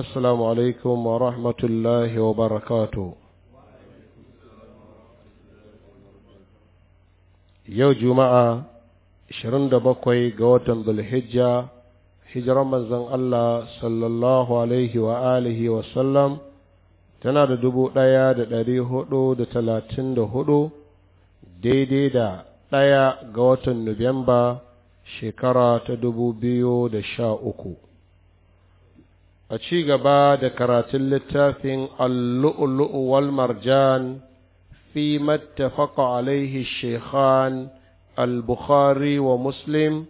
السلام عليكم ورحمة الله وبركاته yau juma'a 27 ga watan zulhijja hijiran manzon Allah sallallahu alaihi wa wa sallam tana da dubu ɗaya da ɗari hudu da talatin da hudu daidai da ɗaya ga watan Nuwamba shekara ta dubu biyu da sha uku. a ci gaba da karatun littafin allu'ulu'u wal marjan fi mattafaqa alaihi shekhan al-bukhari wa muslim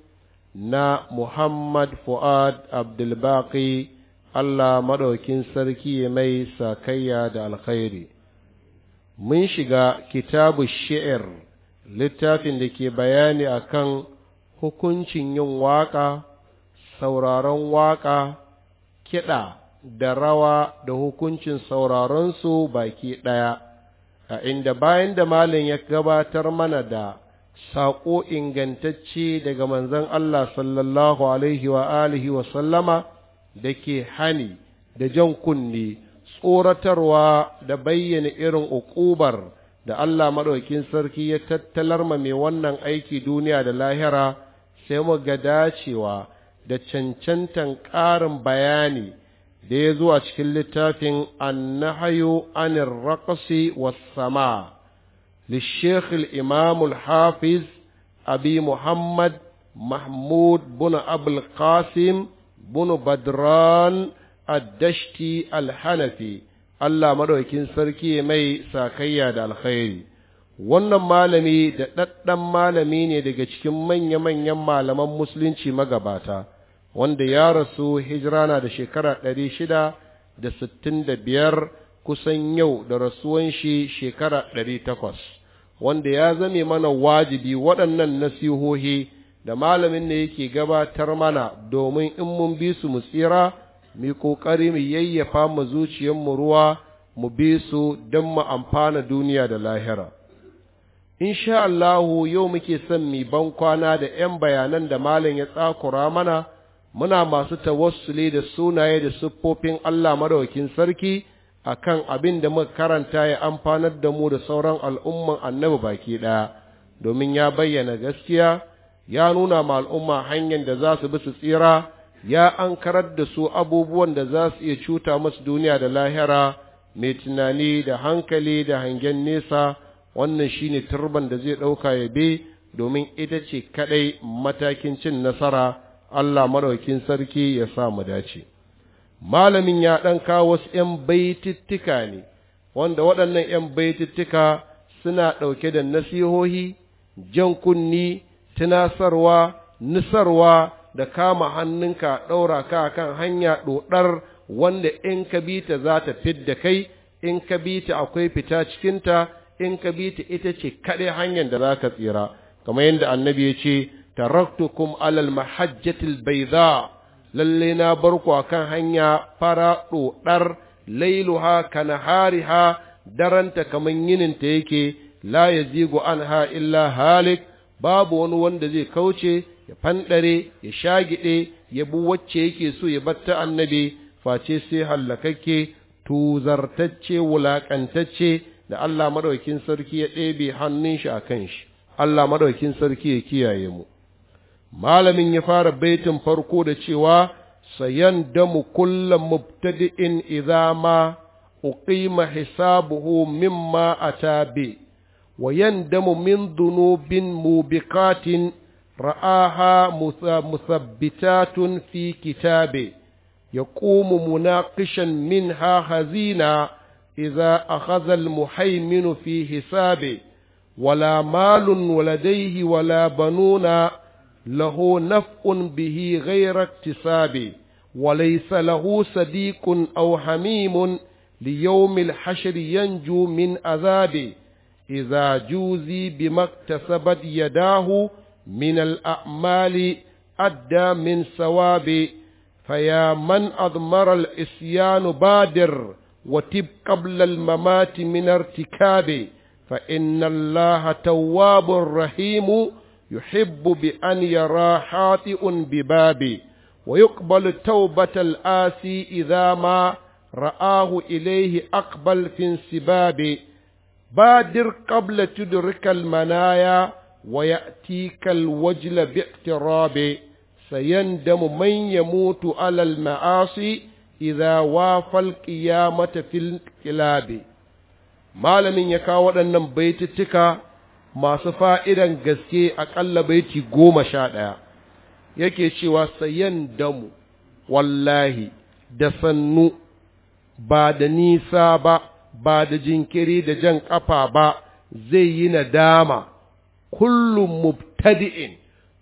na muhammad fu'ad abdulbaki allah maɗaukin sarki mai sakayya da alkhairi mun shiga kitabu shi'ir littafin da ke bayani akan hukuncin yin waƙa sauraron waƙa kiɗa da rawa da hukuncin sauraronsu baki ɗaya, a inda bayan da malin ya gabatar mana da saƙo ingantacce daga manzon Allah sallallahu alaihi wa alihi wa sallama da ke hani da jan kunne tsoratarwa da bayyana irin uƙubar da Allah maɗaukin sarki ya tattalar ma mai wannan aiki duniya da lahira sai mu ga dacewa da cancantan ƙarin bayani da ya zo cikin littafin annahayu anin raƙasi wassama lishekul imamul hafiz abi muhammad mahmud bin abul qasim badran addashti alhanafi allah maɗaukin sarki mai sakayya da alkhairi. wannan malami da ɗaɗɗan malami ne daga cikin manya-manyan malaman musulunci magabata wanda ya rasu hijirana da shekara ɗari shida da sittin da biyar kusan yau da rasuwan shi shekara ɗari takwas wanda ya zame mana wajibi waɗannan nasihohi da malamin da yake gabatar mana domin in mun bi su mu tsira mu ƙoƙari mu yayyafa mu zuciyarmu ruwa mu bi su don mu amfana duniya da lahira. insha Allahu yau muke son mi ban kwana da ‘yan bayanan da malam ya tsakura mana, muna masu tawassuli da sunaye da siffofin Allah madawakin sarki a kan abin da muka karanta ya amfanar da mu da sauran al'umman annabi baki ɗaya, domin ya bayyana gaskiya, ya nuna ma al'umma hanyar da za su bi su tsira, ya an karar da su abubuwan da za su iya cuta musu duniya da lahira, mai tunani da hankali da hangen nesa. wannan shi ne turban da zai ɗauka ya bi domin ita ce kaɗai matakin cin nasara Allah maɗaukin sarki ya sa mu dace malamin ya ɗan kawo wasu ‘yan baitittika ne wanda waɗannan ‘yan baitittika suna ɗauke da nasihohi jan kunni tunasarwa nisarwa da kama hannunka ɗaura ka kan hanya ɗoɗar wanda in ka bi ta za ta fidda kai in ka bi ta akwai fita cikinta in ka bi ta ita ce kaɗai hanyar da za ka tsira kamar yadda annabi ya ce taraktukum alal mahajjatil bayda lalle na bar ku akan hanya fara ɗoɗar lailuha hariha daranta kamar yinin ta yake la yazigu anha illa halik babu wani wanda zai kauce ya fanɗare ya shagide ya bu wacce yake so ya batta annabi face sai hallakakke tuzartacce wulakantacce da Allah madaukin sarki ya ɗebe hannun shi a kan shi Allah maɗaukin sarki ya kiyaye mu malamin ya fara baitin farko da cewa sayan damu kulla mubtadi'in idza ma uqima hisabuhu mimma atabi wa yandamu min dhunubin mubiqatin ra'aha musabbitatun fi kitabe yaqumu munaqishan minha hazina إذا أخذ المحيمن في حسابه ولا مال ولديه ولا بنون له نفع به غير اكتساب وليس له صديق أو حميم ليوم الحشر ينجو من عذاب إذا جوزي بما اكتسبت يداه من الأعمال أدى من ثواب فيا من أضمر الإسيان بادر وتب قبل الممات من ارتكاب فإن الله تواب رحيم يحب بأن يرى حاطئ بباب ويقبل توبة الآسي إذا ما رآه إليه أقبل في انسباب بادر قبل تدرك المنايا ويأتيك الوجل باقتراب سيندم من يموت على المعاصي idza wafal qiyamata fil qilabi malamin ya kawo waɗannan baitittuka masu fa'idan gaske aƙalla baiti goma sha ɗaya yake cewa sayan damu wallahi da sannu ba da nisa ba ba da jinkiri da jan ƙafa ba zai yi nadama kullum mubtadi'in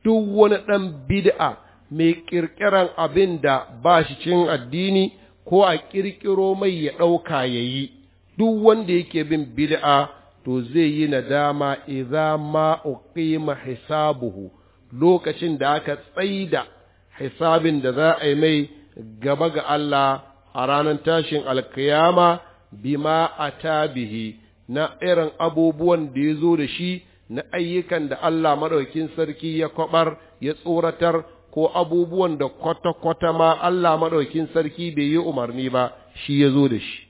duk wani ɗan bid'a mai ƙirƙiran abin da ba shi cin addini ko a ƙirƙiro mai ya ɗauka ya yi duk wanda yake bin bid'a to zai yi nadama iza ma uqima hisabuhu lokacin da aka tsaida hisabin da za a yi mai gaba ga Allah a ranar tashin alkiyama bima a tabihi, na irin abubuwan da ya zo da shi na ayyukan da Allah maɗaukin sarki ya kwaɓar, ya tsoratar ko abubuwan da kwata-kwata ma Allah maɗaukin sarki bai yi umarni ba shi ya zo da shi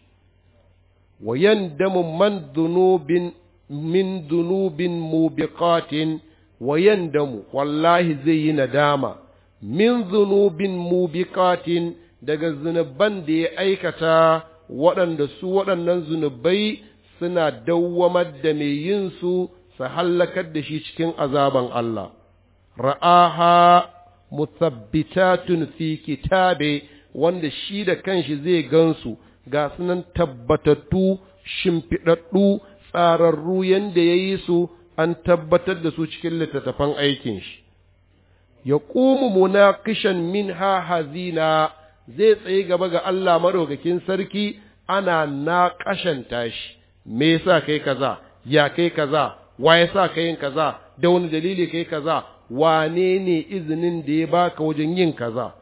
wa yandamu man dunubin min dunubin mubiqatin wa yandamu wallahi zai yi nadama min zunubin mubiqatin daga zunuban da ya aikata waɗanda su waɗannan zunubai suna dawwamar da mai yin su su hallakar da shi cikin azaban Allah ra'aha musabbitatun fi kitabe wanda shi da kanshi zai gansu ga sunan tabbatattu shimfiɗaɗɗu tsararru yadda ya yi su an tabbatar da su cikin littattafan aikin shi ya ƙumu munakishan min ha hazina zai tsaye gaba ga Allah maɗaukakin sarki ana naƙashanta shi me sa kai kaza ya kai kaza wa yasa kai kaza da wani dalili kai kaza wane ne izinin da ya baka wajen yin kaza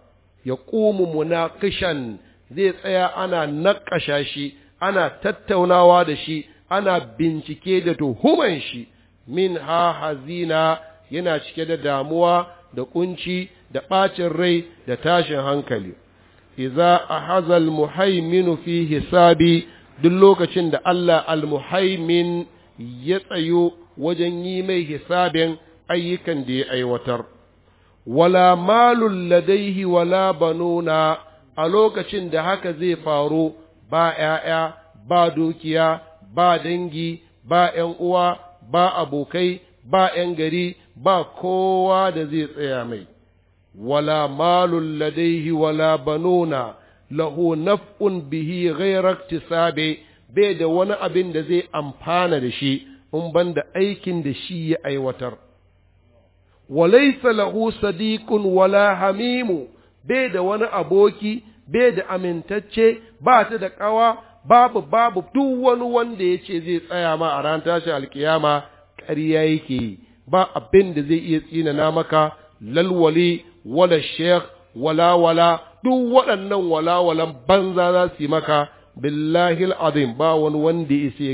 ya ƙumu munakishan zai tsaya ana naƙasha shi ana tattaunawa da shi ana bincike da tuhuman shi min ha hazina yana cike da damuwa da kunci da ɓacin rai da tashin hankali iza a hazal muhaiminu fi hisabi duk lokacin da Allah almuhaimin ya tsayo wajen yi mai hisabin ayyukan da ya aiwatar wala malul ladaihi wala banuna a lokacin da haka zai faru ba ‘ya'ya ba dukiya ba dangi ba ‘yan uwa ba abokai ba ‘yan gari ba kowa da zai tsaya mai wala malul ladaihi wala banuna lahu naf'un bihi ghayra iktisabi bai da wani abin da zai amfana da shi in banda aikin da shi ya aiwatar wa laysa lahu sadiqun wala hamimu bai da wani aboki bai da amintacce ba ta da ƙawa babu babu duk wani wanda ya ce zai tsaya ma a ran tashi alkiyama ƙarya yake yi ba abin da zai iya tsinana maka lalwali wala sheikh wala wala duk waɗannan walawalan banza za su yi maka billahi al'azim ba wani wanda ya isa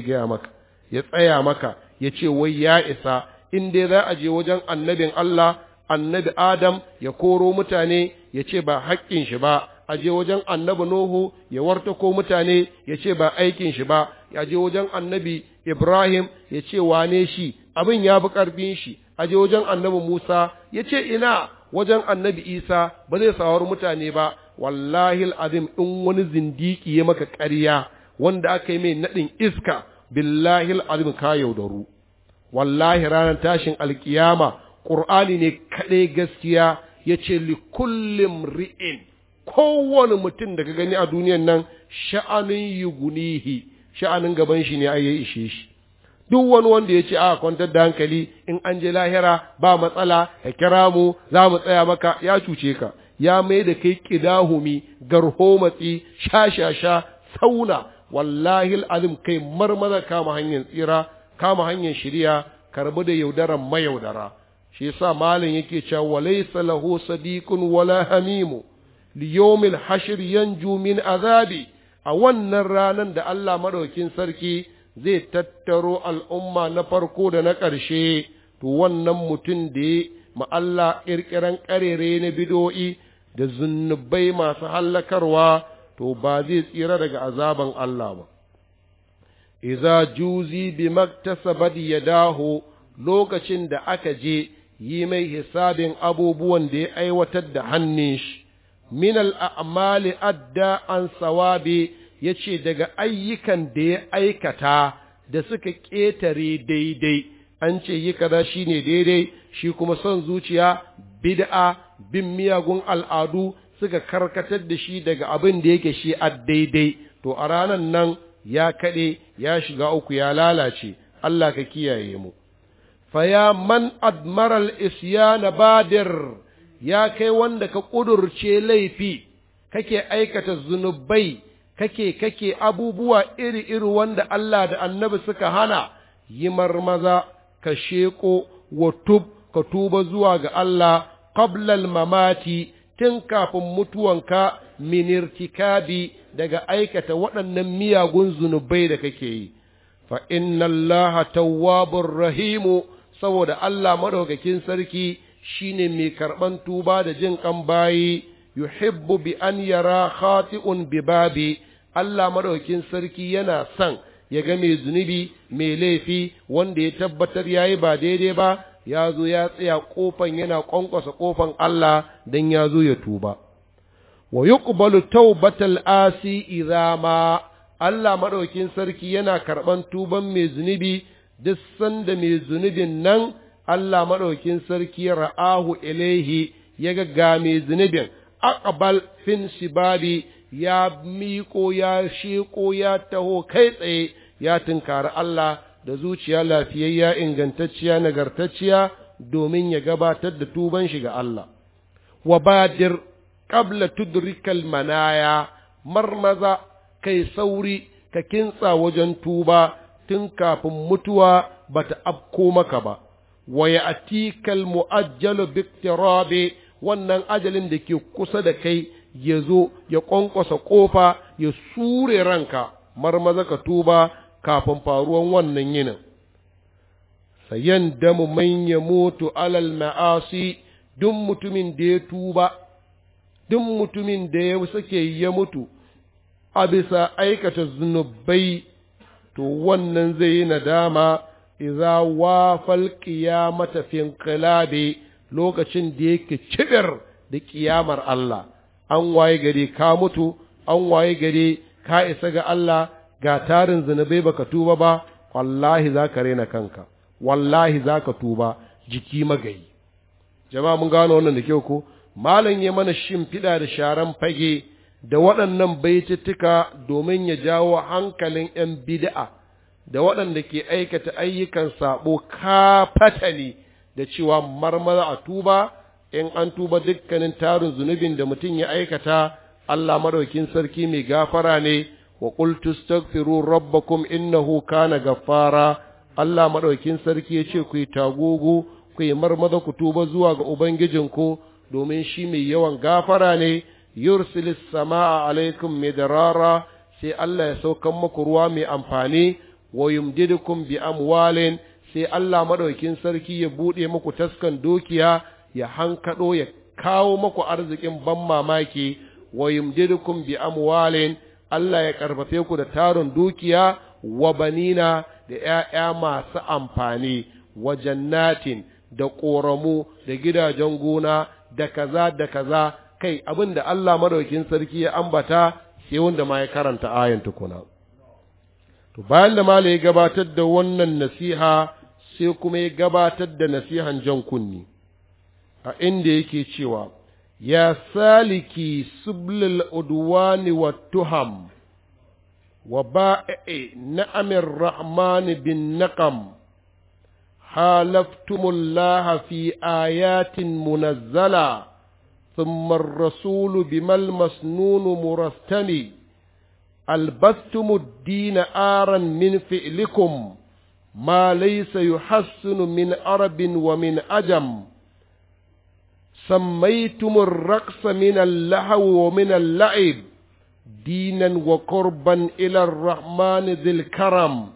ya tsaya maka ya ce wai ya isa in dai za a je wajen annabin Allah annabi Adam ya koro mutane ya ce ba haƙƙin shi ba a je wajen annabi Nuhu ya wartako mutane ya ce ba aikin shi ba ya je wajen annabi Ibrahim ya ce wane shi abin ya fi ƙarfin shi a je wajen annabi Musa ya ce ina wajen annabi Isa ba zai sawar mutane ba wallahi azim in wani zindiki ya maka ƙarya wanda aka yi mai naɗin iska billahi azim ka yaudaru wallahi ranar tashin alkiyama ƙur'ani ne kaɗai gaskiya ya ce likullin ri'in kowane mutum da ka gani a duniyan nan sha'anin yugunihi sha'anin gaban shi ne ya ishe shi duk wani wanda ya ce a kwantar da hankali in an je lahira ba matsala ka kira mu za mu tsaya maka ya cuce ka ya mai da kai kidahumi garho matsi sha sha sha sauna wallahi al'azim kai marmaza kama hanyar tsira kama hanyar shirya karbi da yaudaran mayaudara shi yasa malam yake cewa walaysa lahu sadiqun wala hamimu li yawmil hashr yanju min azabi a wannan ranan da Allah madaukin sarki zai tattaro al'umma na farko da na ƙarshe to wannan mutum da ya ma Allah ƙirƙiran ƙarere na bido'i da zunubai masu hallakarwa to ba zai tsira daga azaban Allah ba iza juzi bi maktasabat yadahu lokacin da aka je yi mai hisabin abubuwan da ya aiwatar da hannun shi min al'amali adda an sawabi ya ce daga ayyukan da ya aikata da suka ƙetare daidai an ce yi kaza shi ne daidai shi kuma son zuciya bid'a bin miyagun al'adu suka karkatar da shi daga abin da yake shi a daidai to a ranan nan ya kaɗe ya shiga uku ya lalace Allah ka kiyaye mu faya man admaral isyana badir ya kai wanda ka ƙudurce laifi kake aikata zunubai kake kake abubuwa iri-iri wanda Allah da annabi suka hana yi marmaza ka sheko wa tub ka tuba zuwa ga Allah qablal mamati tun kafin mutuwanka min irtikabi daga aikata waɗannan miyagun zunubai da kake yi fa inna allaha tawwabur rahimu saboda Allah madaukakin sarki shine mai karban tuba da jin kan bayi yuhibbu bi an yara khati'un bi babi Allah madaukakin sarki yana son ya ga mai zunubi mai laifi wanda ya tabbatar yayi ba daidai ba ya zo ya tsaya kofan yana kwankwasa kofan Allah dan ya zo ya tuba wa yuqbalu taubatal asi idza ma Allah madaukin sarki yana karban tuban mai zunubi duk sanda mai zunubin nan Allah madaukin sarki ra'ahu ilaihi ya ga mai zunubin aqbal fin shibabi ya miko ya sheko ya taho kai tsaye ya tunkari Allah da zuciya lafiyayya ingantacciya nagartacciya domin ya gabatar da tuban shi ga Allah wa badir Ƙabla tudrikal manaya marmaza kai sauri ka kintsa wajen tuba tun kafin mutuwa bata afko maka ba wa atikal mu'ajjalu biktirabi wannan ajalin da ke kusa da kai ya zo ya ƙwanƙwasa ƙofa ya sure ranka marmaza ka tuba kafin faruwan wannan yinin sayan damu manya mutu alal ma'asi duk mutumin da ya tuba duk mutumin da ya sake ya mutu a bisa aikata zunubai to wannan zai yi nadama iza wafal matafin fi lokacin da yake cibir da kiyamar Allah an waye gari ka mutu an waye gari ka isa ga Allah ga tarin zunubai baka tuba ba wallahi za ka rena kanka wallahi za ka tuba jiki magayi jama'a mun gano wannan da kyau ko malam ya mana shimfiɗa da sharan fage da waɗannan baitittuka domin ya jawo hankalin 'yan bid'a da waɗanda ke aikata ayyukan sabo kafatali da cewa marmara a tuba in an tuba dukkanin tarin zunubin da mutum ya aikata Allah madaukin sarki mai gafara ne wa qul tastaghfiru rabbakum innahu kana gaffara Allah madaukin sarki ya ce ku yi tagogo ku yi marmaza ku tuba zuwa ga ubangijinku domin shi mai yawan gafara ne yursilis sama'a alaikum midrara sai Allah ya saukan muku ruwa mai amfani wa yumdidukum bi amwalin sai Allah madaukin sarki ya bude muku taskan dukiya ya hankado ya kawo muku arzikin ban mamaki wa yumdidukum bi amwalin Allah ya karfafe ku da tarin dukiya wa banina da ƴaƴa masu amfani wa jannatin da ƙoramu da gidajen gona da kaza da kaza kai abin da Allah madaukin sarki ya ambata sai wanda ma ya karanta ayan tukuna to bayan da Malam ya gabatar da wannan nasiha sai kuma ya gabatar da nasihan jan kunni a inda yake cewa ya saliki sublul udwani wa tuham wa ba'i na'amir rahman bin naqam حالفتم الله في آيات منزلة ثم الرسول بما المسنون مرثني ألبثتم الدين آرا من فئلكم ما ليس يحسن من عرب ومن أجم سميتم الرقص من اللهو ومن اللعب دينا وقربا إلى الرحمن ذي الكرم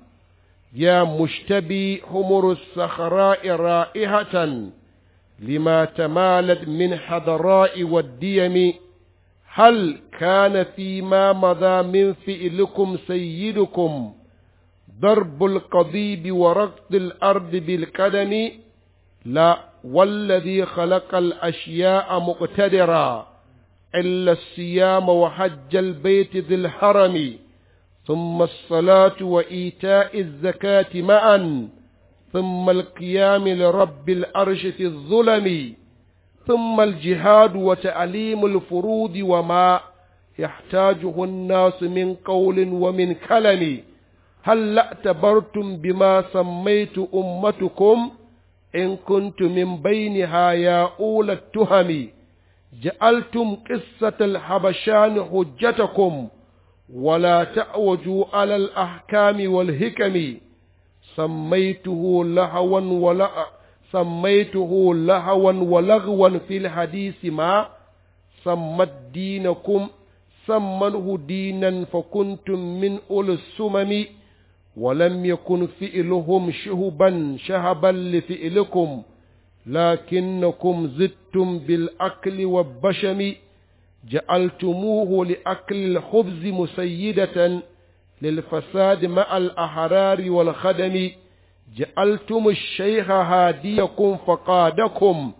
يا مشتبي حمر الصخراء رائحة لما تمالت من حضراء والديم هل كان فيما مضى من فئلكم سيدكم ضرب القضيب ورقد الأرض بالقدم لا والذي خلق الأشياء مقتدرا إلا الصيام وحج البيت ذي الحرم ثم الصلاة وإيتاء الزكاة معا ثم القيام لرب الأرش في الظلم ثم الجهاد وتعليم الفروض وما يحتاجه الناس من قول ومن كلم هل اعتبرتم بما سميت أمتكم إن كنت من بينها يا أولى التهم جعلتم قصة الحبشان حجتكم ولا تعوجوا على الأحكام والحكم سميته لهوا ولا سميته لهوا ولغوا في الحديث ما سمت دينكم سمنه دينا فكنتم من أولي السمم ولم يكن فئلهم شهبا شهبا لفئلكم لكنكم زدتم بالأكل والبشم جعلتموه لأكل الخبز مسيدة للفساد مع الأحرار والخدم جعلتم الشيخ هاديكم فقادكم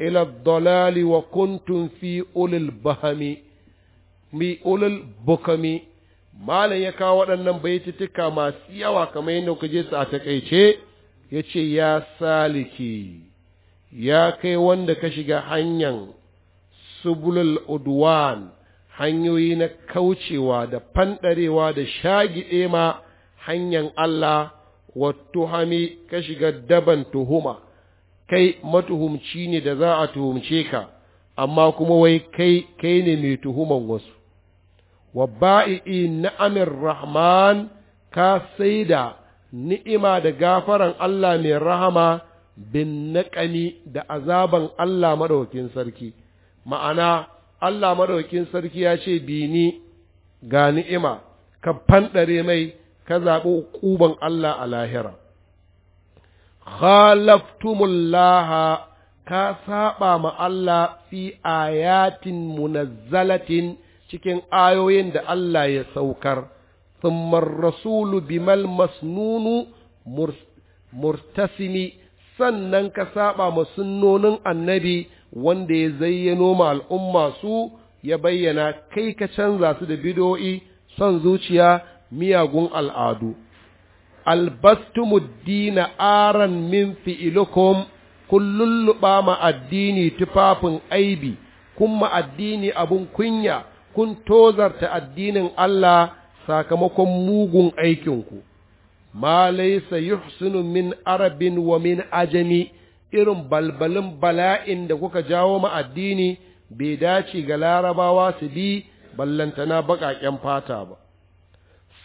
إلى الضلال وكنتم في أولي البهم mi ulul bukami malam ya kawo waɗannan baitutuka masu yawa kamar yadda kuka su a takaice ya ce ya saliki ya kai wanda ka shiga hanyan. subulul udwan hanyoyi na kaucewa da fandarewa da shagiɗe ma hanyar Allah wa tuhami ka shiga daban tuhuma kai matuhumci ne da za a tuhumce ka amma kuma wai kai kai ne mai tuhuman wasu wa ba'i'i na'amin rahman ka saida ni'ima da gafaran Allah mai rahama bin naƙani da azaban Allah madaukin sarki ma'ana Allah madaukin sarki ya ce ni ga ni'ima ka fanɗare mai ka zaɓi ƙuban Allah a lahira khalaftumullaha ka saba ma Allah fi ayatin munazzalatin cikin ayoyin da Allah ya saukar thummar rasulu bimal masnunu murtasimi sannan ka saɓa ma sunnonin annabi wanda ya zayyano ma al'umma su ya bayyana kai ka canza su da bido'i son zuciya miyagun al'adu albastumuddina aran min fi'ilukum kun lulluɓa ma addini tufafin aibi kun ma addini abun kunya kun tozarta addinin Allah sakamakon mugun aikinku ma laysa yuhsinu min arabin wa min ajami irin balbalin bala'in da kuka jawo ma addini bai dace ga larabawa su bi ballantana baƙaƙen fata ba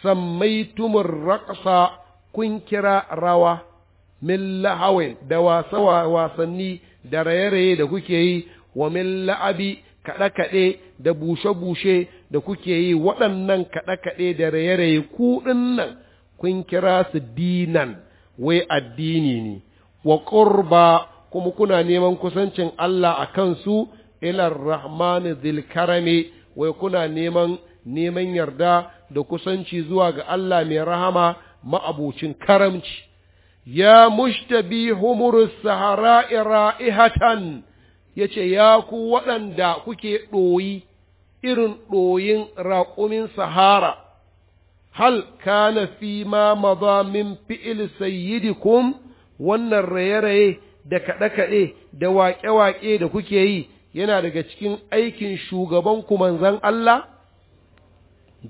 sammaitumur raƙasa kun kira rawa min lahawin da wasanni da raye-raye da kuke yi wa min la'abi kaɗe-kaɗe da bushe-bushe da kuke yi waɗannan kaɗe-kaɗe da raye-raye kuɗin nan kun kira su dinan wai addini ne wa qurba kuma kuna neman kusancin Allah a kansu ilar rahmani dhil karami wai kuna neman neman yarda da kusanci zuwa ga Allah mai rahama ma'abucin karamci ya mushtabi humurus sahara'i ra'ihatan yace ya ku waɗanda kuke ɗoyi irin ɗoyin raƙumin sahara hal kana fi ma maza min fi'il sayyidikum wannan raye-raye da kaɗe-kaɗe da waƙe-waƙe da kuke yi yana daga cikin aikin shugabanku manzan Allah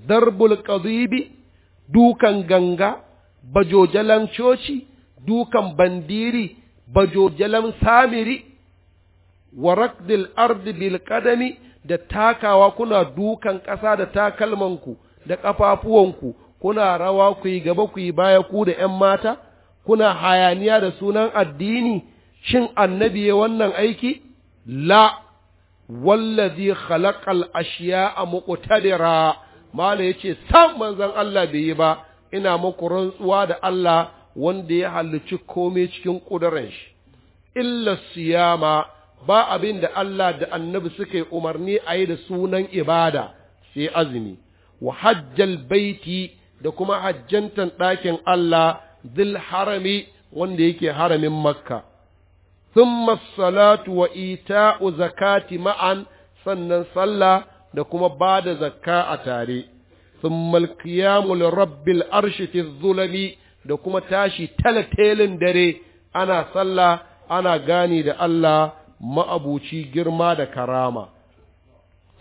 darbul qadibi dukan ganga bajojalan coci dukan bandiri bajojalan samiri wa raqdil ardi bil qadami da takawa kuna dukan ƙasa da takalmanku da ƙafafuwanku kuna rawa ku yi gaba ku yi baya ku da ’yan mata kuna hayaniya da sunan addini shin annabi ya wannan aiki la wallazi khalaqal ashiya'a muqtadira mala yace san manzon Allah bai yi ba ina muku rantsuwa da Allah wanda ya halicci komai cikin kudurin shi illa siyama ba abin da Allah da annabi suka yi umarni a yi da sunan ibada sai azumi wa hajjal baiti da kuma hajjantan ɗakin Allah dil harami wanda yake haramin makka thumma salatu wa ita'u zakati ma'an sannan sallah da kuma bada da zakka a tare thumma kiyamul rabbil arshi zulami da kuma tashi talatelin dare ana sallah ana gani da Allah ma'abuci girma da karama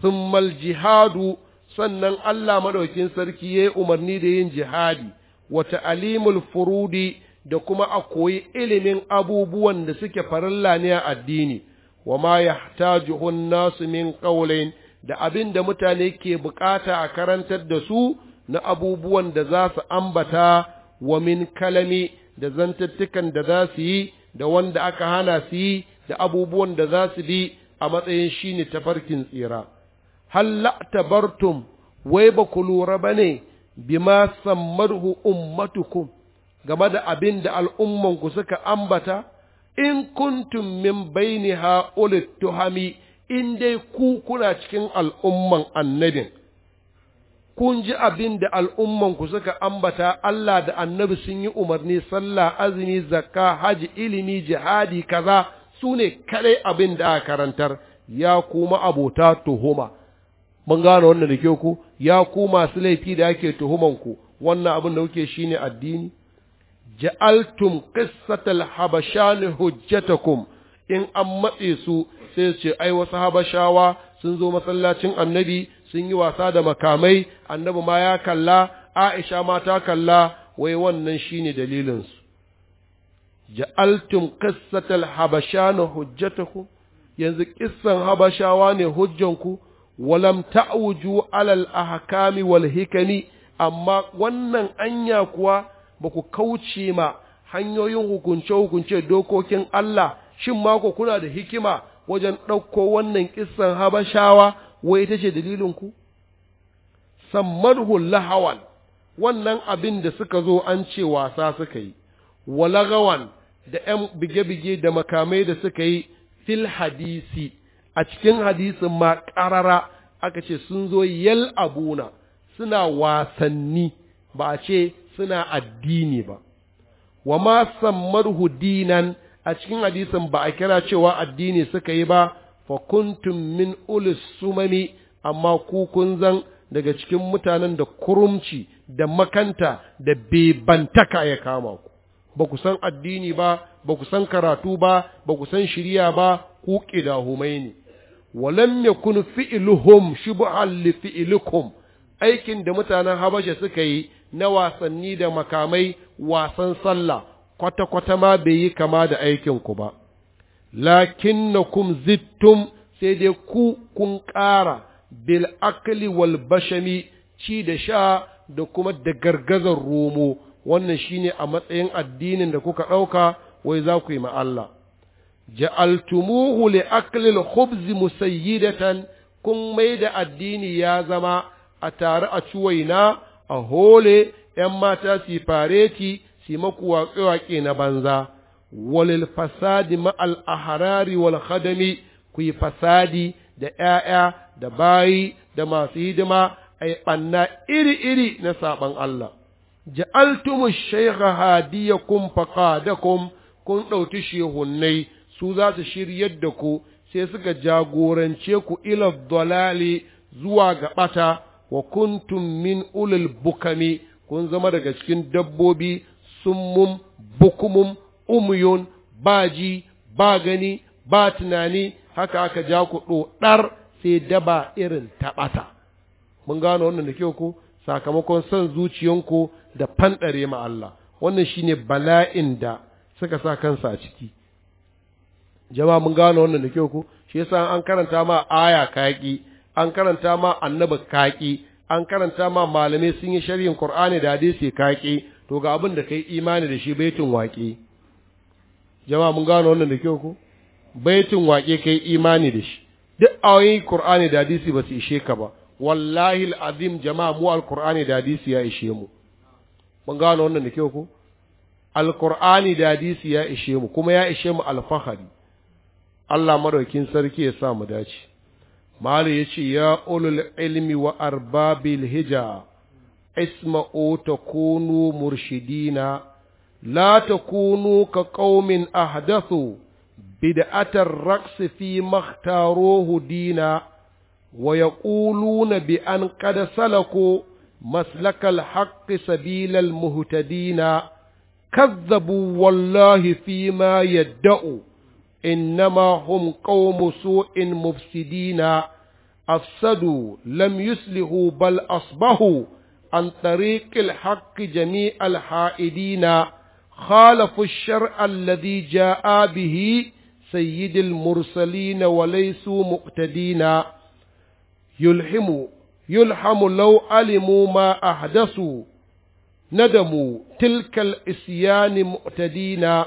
thumma aljihadu jihadu sannan Allah madaukin sarki yayi umarni da yin jihadi wa ta'alimul furudi da kuma a koyi ilimin abubuwan da suke farilla ne a addini wa ma yahtajuhu nasu min qawlin da abin da mutane ke bukata a karantar da su na abubuwan da za su ambata wa min kalami da zantattukan da za su yi da wanda aka hana su yi da abubuwan da za su bi a matsayin shi ne tafarkin tsira. Halla tabartum, wai ba ku lura ba ne bima sammarhu ummatukum game da abin da al'ummanku suka ambata in kuntum min baini ha'ulit tuhami in dai ku kuna cikin al'umman annabin kun ji abin da al'ummanku suka ambata Allah da annabi sun yi umarni sallah azumi zakka haji ilimi jihadi kaza su ne kaɗai abin da a karantar ya kuma abota tuhuma mun gane wannan da ke ku ya ku masu laifi da ake tuhuman ku wannan abin da kuke shine addini ja'altum qissatal habashan hujjatakum in an matse su sai su ce ai wasu habashawa sun zo masallacin annabi sun yi wasa da makamai annabi ma ya kalla aisha ma ta kalla wai wannan shine dalilin su ja'altum qissatal habashani hujjatakum yanzu kissan habashawa ne hujjanku walam ta'awuju alal ahkami wal hikami amma wannan anya kuwa ba ku kauce ma hanyoyin hukunce-hukunce dokokin Allah shin mako kuna da hikima wajen ɗauko wannan kissan habashawa wai ita ce ku. sammadhul lahawal wannan abin da suka zo an ce wasa suka yi walagawan da ‘yan bige-bige da makamai da suka yi fil hadisi a cikin hadisin ma ƙarara aka ce sun zo yal abuna suna wasanni ba a ce suna addini ba wa ma sammarhu dinan a cikin hadisin ba a kira cewa addini suka yi ba fa kuntum min ulus sumami amma ku kun zan daga cikin mutanen da kurumci da makanta da bebantaka ya kama ku ba ku san addini ba ba ku san karatu ba ba ku san shirya ba ku humai ne walam yakun fi'luhum shi li fi'likum aikin da mutanen habasha suka yi na wasanni da makamai wasan sallah kwata kwata ma bai yi kama da aikin ku ba lakinnakum zittum sai dai ku kun ƙara bil akli wal bashami ci da sha da kuma da gargazar romo wannan shine a matsayin addinin da kuka ɗauka wai za ku yi ma Allah ja'altumuhu li aklil khubz musayyidatan kun mai da addini ya zama a tare a cuwaina a hole ‘yan mata su fareti su maku waƙe-waƙe na banza, walil fasadi ma'al aharari wal khadami ku yi fasadi da ‘ya'ya da bayi da masu hidima a yi ɓanna iri-iri na saɓan Allah. Ja'altumu shaikha hadiya kum kun ɗauki shehunnai su za su shiryar da ku sai suka jagorance ku ila dalali zuwa ga ɓata wa kuntum min ulul bukami kun zama daga cikin dabbobi summum bukumum umuyun baji ba gani ba tunani haka aka ja ku ɗoɗar sai daba irin taɓata mun gano wannan da kyau ko sakamakon son zuciyanku da fanɗare ma Allah wannan shine bala'in da suka sa kansa a ciki jama'a mun gano wannan da kyau ko shi yasa an karanta ma aya kaki an karanta ma annabi kaki an karanta ma malamai sun yi sharhin Qur'ani da hadisi kaki to ga abin da kai imani da shi baitin waƙe jama'a mun gano wannan da kyau ko baitin waƙe kai imani da shi duk ayoyin Qur'ani da hadisi ba su ishe ka ba wallahi alazim jama'a mu al al-qur'ani da hadisi ya ishe mu mun gano wannan da kyau ko alkur'ani da hadisi ya ishe mu kuma ya ishe mu alfahari Allah madaukin sarki ya sa mu dace Mali ya ce ya ulul ilmi wa arbabil hija isma'u kunu murshidina la ta kunu ka qaumin ahdathu bid'atar raqs fi makhtaruhu dina wa yaquluna bi an qad salaku maslakal haqqi sabilal muhtadina كذبوا والله فيما يدعوا إنما هم قوم سوء مفسدين أفسدوا لم يسلهوا بل أصبحوا عن طريق الحق جميع الحائدين خالفوا الشرع الذي جاء به سيد المرسلين وليسوا مقتدين يلحموا يلحم لو علموا ما أحدثوا ندموا تلك الإسيان مؤتدين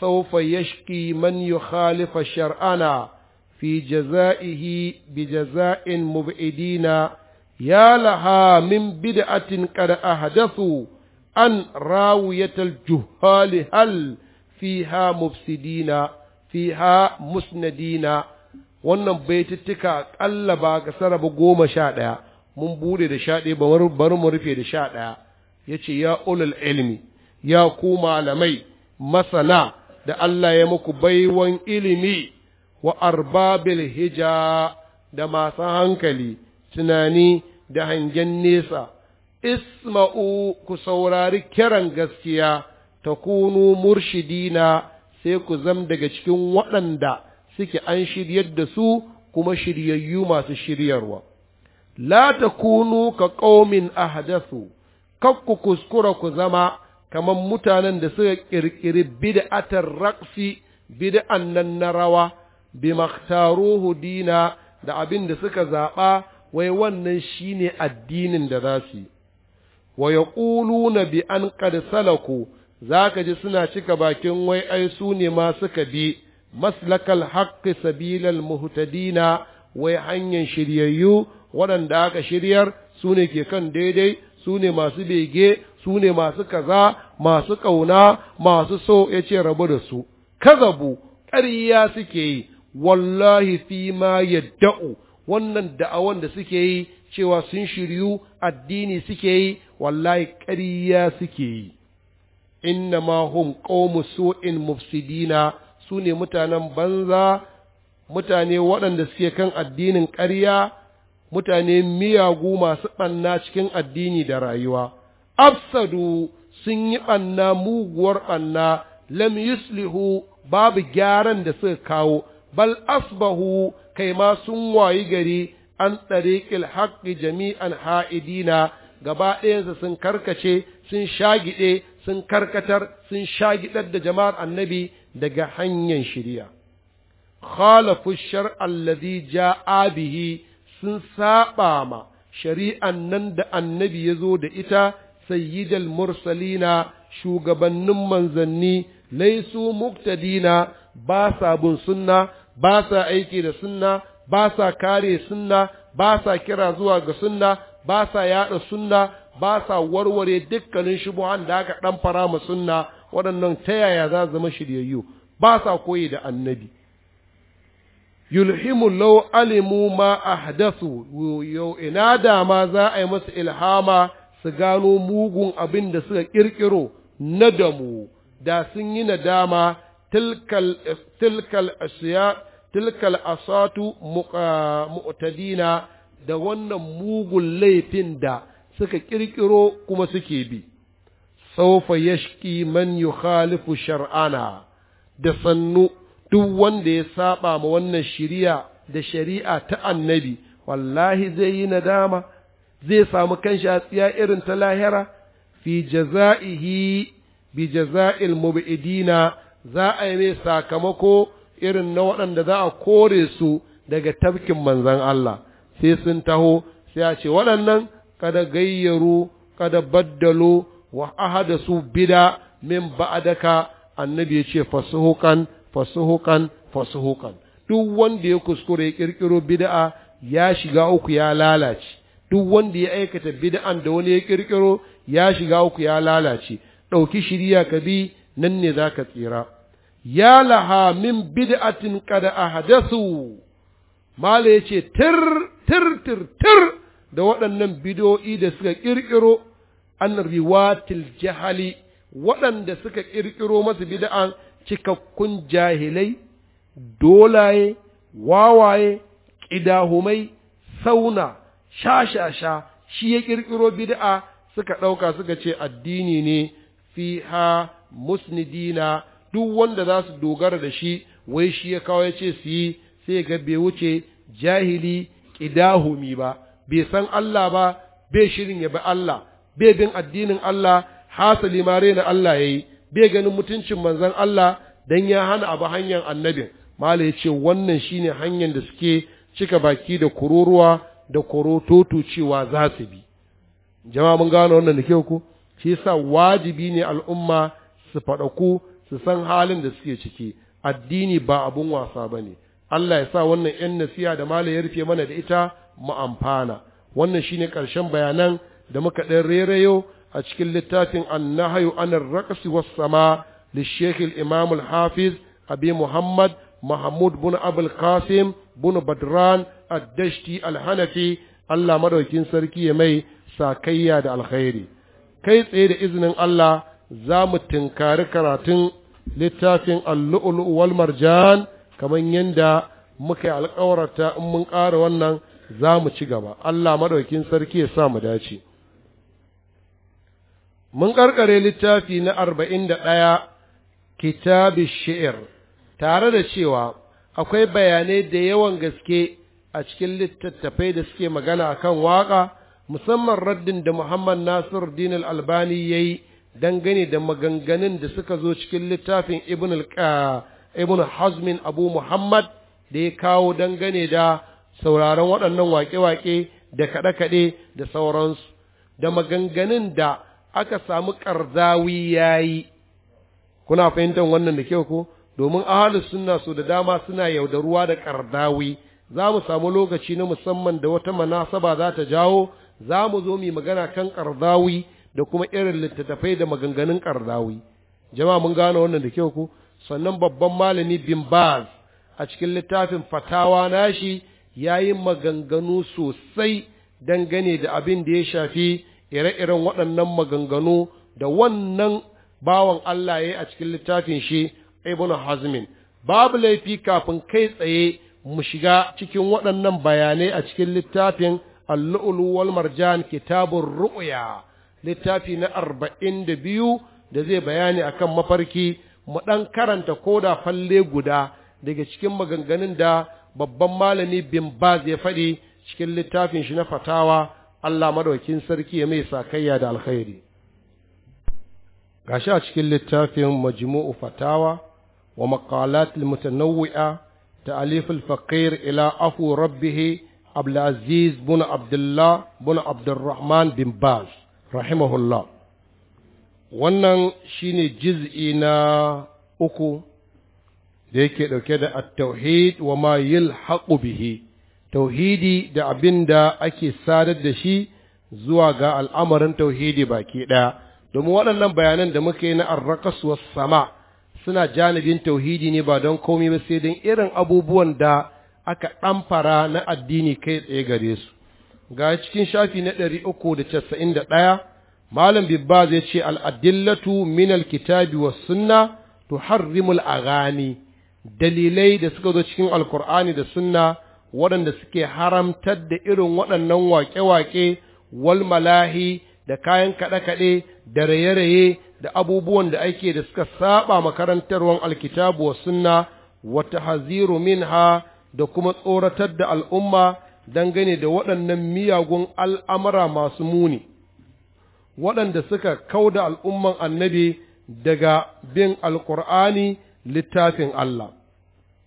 سوف يشقي من يخالف شرعنا في جزائه بجزاء مبعدين يا لها من بدعة قد أحدثوا أن راوية الجهال هل فيها مفسدين فيها مسندين wannan baitattuka ƙalla ba ka sarrafa goma sha ɗaya mun bude da sha ɗaya bari mu rufe da sha ɗaya yace ya ulul ilmi ya ku malamai masana da Allah ya muku baiwan ilimi wa arbabil hija da masu hankali tunani da hangen nesa isma'u ku saurari kiran gaskiya ta kunu murshidina sai ku zam daga cikin waɗanda suke an shiryar da su kuma shiryayyu masu shiryarwa la ta kunu ka ƙaumin ahdathu kakku kuskura ku zama kamar mutanen da suka ƙirƙiri bid'atar raqsi bid'an nan na rawa bi makhtaruhu dina da abin da suka zaɓa wai wannan shine addinin da za su yi wa yaquluna bi an qad salaku zaka ji suna cika bakin wai ai su ne ma suka bi maslakal haƙƙi sabilal muhtadina wai hanyar shiryayyu waɗanda aka shiryar su ne ke kan daidai su ne masu bege su ne masu kaza masu ƙauna masu so ya ce rabu da su kazabu ƙarya suke yi wallahi fi ma yadda'u wannan da'awan da suke yi cewa sun shiryu addini suke yi wallahi ƙarya suke yi inna ma hum qaumu su'in mufsidina su ne mutanen banza mutane waɗanda suke kan addinin ƙarya mutane miyagu masu ɓanna cikin addini da rayuwa afsadu sun yi ɓanna muguwar ɓanna lam yuslihu babu gyaran da suka kawo bal asbahu kai ma sun wayi gari an tsariƙil haƙƙi jami'an ha'idina gaba ɗayansa sun karkace sun shagiɗe sun karkatar sun shagiɗar da jama'ar annabi daga hanyar shirya khalafu shar'al ja'a bihi sun saba ma shari'an nan da annabi ya zo da ita sayyidal mursalina shugabannin manzanni laisu muktadina ba sa bin sunna ba sa aiki da sunna ba sa kare sunna ba sa kira zuwa ga sunna ba sa yada sunna ba sa warware dukkanin shubuhan da aka dan fara mu sunna waɗannan ta yaya za zama shiryayyu ba sa koyi da annabi yulhimu law alimu ma ahdathu yau ina da ma za a yi masu ilhama su gano mugun abin da suka kirkiro na damu da sun yi nadama tilkal tilkal tilkal asatu mu'tadina da wannan mugun laifin da suka kirkiro kuma suke bi saufa yashki man yukhalifu shar'ana da sannu duk wanda ya saba ma wannan shari'a da shari'a ta annabi wallahi zai yi nadama zai samu kanshi a tsiya irin ta lahira fi jaza'ihi bi jaza'il mubidina za a yi mai sakamako irin na waɗanda za a kore su daga tafkin manzan Allah sai sun taho sai a ce waɗannan kada gayyaru kada baddalo wa ahadasu bida min ba'adaka annabi ya ce fasuhukan fasuhukan fasuhukan duk wanda ya kuskure ya kirkiro bid'a ya shiga uku ya lalace duk wanda ya aikata bid'an da wani ya kirkiro ya shiga uku ya lalace ɗauki shirya ka bi nan ne za ka tsira ya laha min bid'atin kada ahdathu mala yace tir tir tir tir da waɗannan bid'o'i da suka kirkiro an riwatil jahali waɗanda suka kirkiro masu bid'an cikakkun jahilai dolaye wawaye ƙidahumai sauna shashasha shi ya ƙirƙiro bid'a suka ɗauka suka ce addini ne fiha musnidina duk wanda za su dogara da shi wai shi ya kawo ya ce su yi sai ga bai wuce jahili ƙidahumi ba bai san Allah ba bai shirin ya bi Allah bai bin addinin Allah hasali ma na Allah ya yi bai ganin mutuncin manzon Allah dan ya hana abu hanyar annabin mala ya ce wannan shine hanyar da suke cika baki da kururuwa da korototo cewa za su bi jama'a mun gano wannan da kyau ko shi yasa wajibi ne al'umma su faɗaku su san halin da suke ciki addini ba abun wasa bane Allah ya sa wannan yan nasiya da mala ya rufe mana da ita mu amfana wannan shine ƙarshen bayanan da muka ɗan rerayo a cikin littafin annahyu anar raqsi sama li sheikh imamul hafiz abi muhammad mahmud bin abul qasim bin badran ad al-hanafi Allah madaukin sarki ya mai sakayya da alkhairi kai tsaye da izinin Allah za mu tinkari karatun littafin al-lu'lu' wal marjan kaman muka yi alƙawarta in mun ƙara wannan za mu ci gaba Allah madaukin sarki ya sa mu dace mun ƙarƙare littafi na arba'in da ɗaya kitabi shi'ir tare da cewa akwai bayanai da yawan gaske a cikin littattafai da suke magana a kan waƙa musamman raddin da muhammad nasir din albani ya yi dangane da maganganun da suka zo cikin littafin ibn hazmin abu muhammad da ya kawo dangane da sauraron waɗannan waƙe-waƙe da kaɗe-kaɗe da sauransu da maganganun da aka samu ƙarzawi ya yi kuna fahimtar wannan da kyau ko domin ahalus suna so da dama suna yaudaruwa da ƙardawi za mu samu lokaci na musamman da wata manasaba za ta jawo za mu zo mu magana kan ƙardawi da kuma irin littattafai da maganganun ƙardawi Jama mun gane wannan da kyau ko sannan babban malami bin baz a cikin littafin fatawa nashi ya yi maganganu sosai dangane da abin da ya shafi ire-iren waɗannan maganganu da wannan bawan Allah ya yi a cikin littafin shi ibnu hazmin babu laifi kafin kai tsaye mu shiga cikin waɗannan bayanai a cikin littafin allu'ulu wal marjan kitabun ru'ya littafi na arba'in da biyu da zai bayani akan mafarki mu ɗan karanta koda falle guda daga cikin maganganun da babban malami bin baz ya faɗi cikin littafin shi na fatawa Allah madaukin sarki ya mai sakayya da alkhairi gashi a cikin littafin majmu'u fatawa wa maqalat al-mutanawwi'a ta'alif al-faqir ila afu rabbih abdul aziz bin abdullah bin abdurrahman bin baz rahimahullah wannan shine juz'i na uku da yake dauke da at-tauhid wa ma yalhaqu bihi tauhidi da abin da ake sadar da shi zuwa ga al'amarin tauhidi baki ɗaya domin waɗannan bayanan da muka yi na arrakas sama suna janibin tauhidi ne ba don komai ba sai don irin abubuwan da aka ɗamfara na addini kai tsaye gare su ga cikin shafi na ɗari uku da casa'in da ɗaya malam bibba zai ce al'adillatu min alkitabi wa sunna tuharrimul agani dalilai da suka zo cikin alkur'ani da sunna waɗanda suke haramtar da irin waɗannan waƙe-waƙe walmalahi, da kayan kaɗe-kaɗe da raye-raye da abubuwan da ake da suka saba makarantarwan alkitabu wa sunna haziru min minha da kuma tsoratar da al'umma dangane da waɗannan miyagun al'amara masu muni waɗanda suka kau da al'umman annabi daga bin alƙur'ani littafin Allah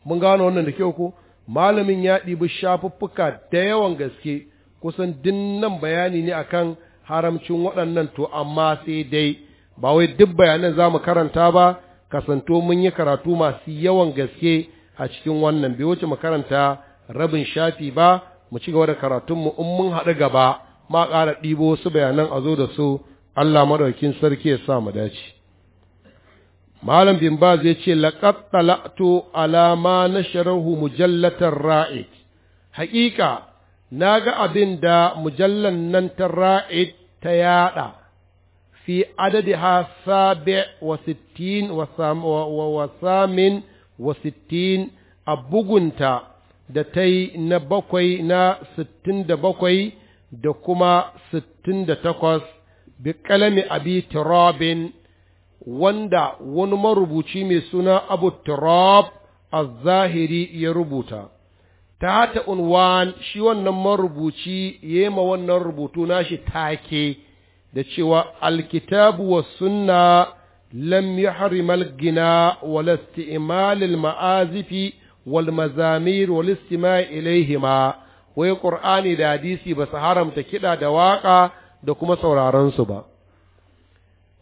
mun gano wannan da kyau ko malamin ya ɗibi shafuffuka da yawan gaske kusan dinnan bayani ne akan haramcin waɗannan to amma sai dai ba wai duk bayanan za mu karanta ba kasanto mun yi karatu masu yawan gaske a cikin wannan bai wuce mu karanta rabin shafi ba mu ci gaba da karatun mu in mun haɗu gaba ma ƙara ɗibo su bayanan a zo da su Allah madaukin sarki ya sa mu dace malam bin baz ya ce laqad tala'tu ala ma nasharahu mujallatar ra'id haƙiƙa na ga abin da mujallan nan ta ra'id ta yaɗa fi ha sabi wa sittin wa samin wa sittin a bugunta da ta yi na bakwai na sittin da bakwai da kuma sittin da takwas bi kalami abi turabin wanda wani marubuci mai suna abu turab az-zahiri ya rubuta ta ta unwan shi wannan marubuci ma wannan rubutu nashi take da cewa alkitabu was sunna lam yahrim al-gina wal isti'mal al wal mazamir wal istima' wai ƙur'ani da hadisi ba su haramta kiɗa da waƙa da kuma sauraron su ba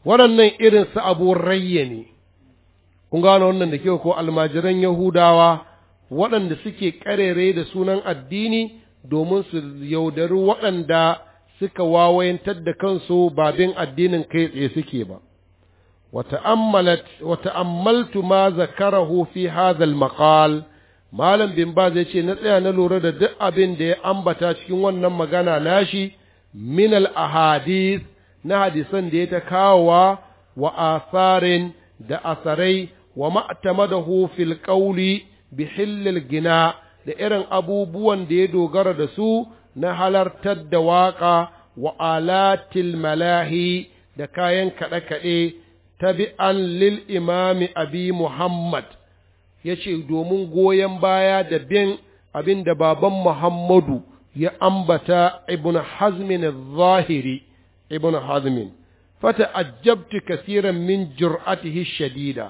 waɗannan irin su abu rayya ne kun gano wannan da kyau ko almajiran yahudawa waɗanda suke ƙarere da sunan addini domin su yaudari waɗanda suka wawayantar da kansu ba bin addinin kai tsaye suke ba wa ta'ammaltu ma zakarahu fi hadhal maqal malam bin baz yace na tsaya na lura da duk abin da ya ambata cikin wannan magana nashi min al ahadith na hadisan da ya ta kawowa wa asarin da asarai wa ma'tamadahu fil qawli bi hillil gina da irin abubuwan da ya dogara da su na halartar da waƙa wa alatil malahi da kayan kaɗe-kaɗe tabi'an lil imami abi muhammad ya ce domin goyon baya da bin abin da baban muhammadu ya ambata ibn hazmin zahiri ibnu hazmin fata ajabtu kasiran min jur'atihi shadida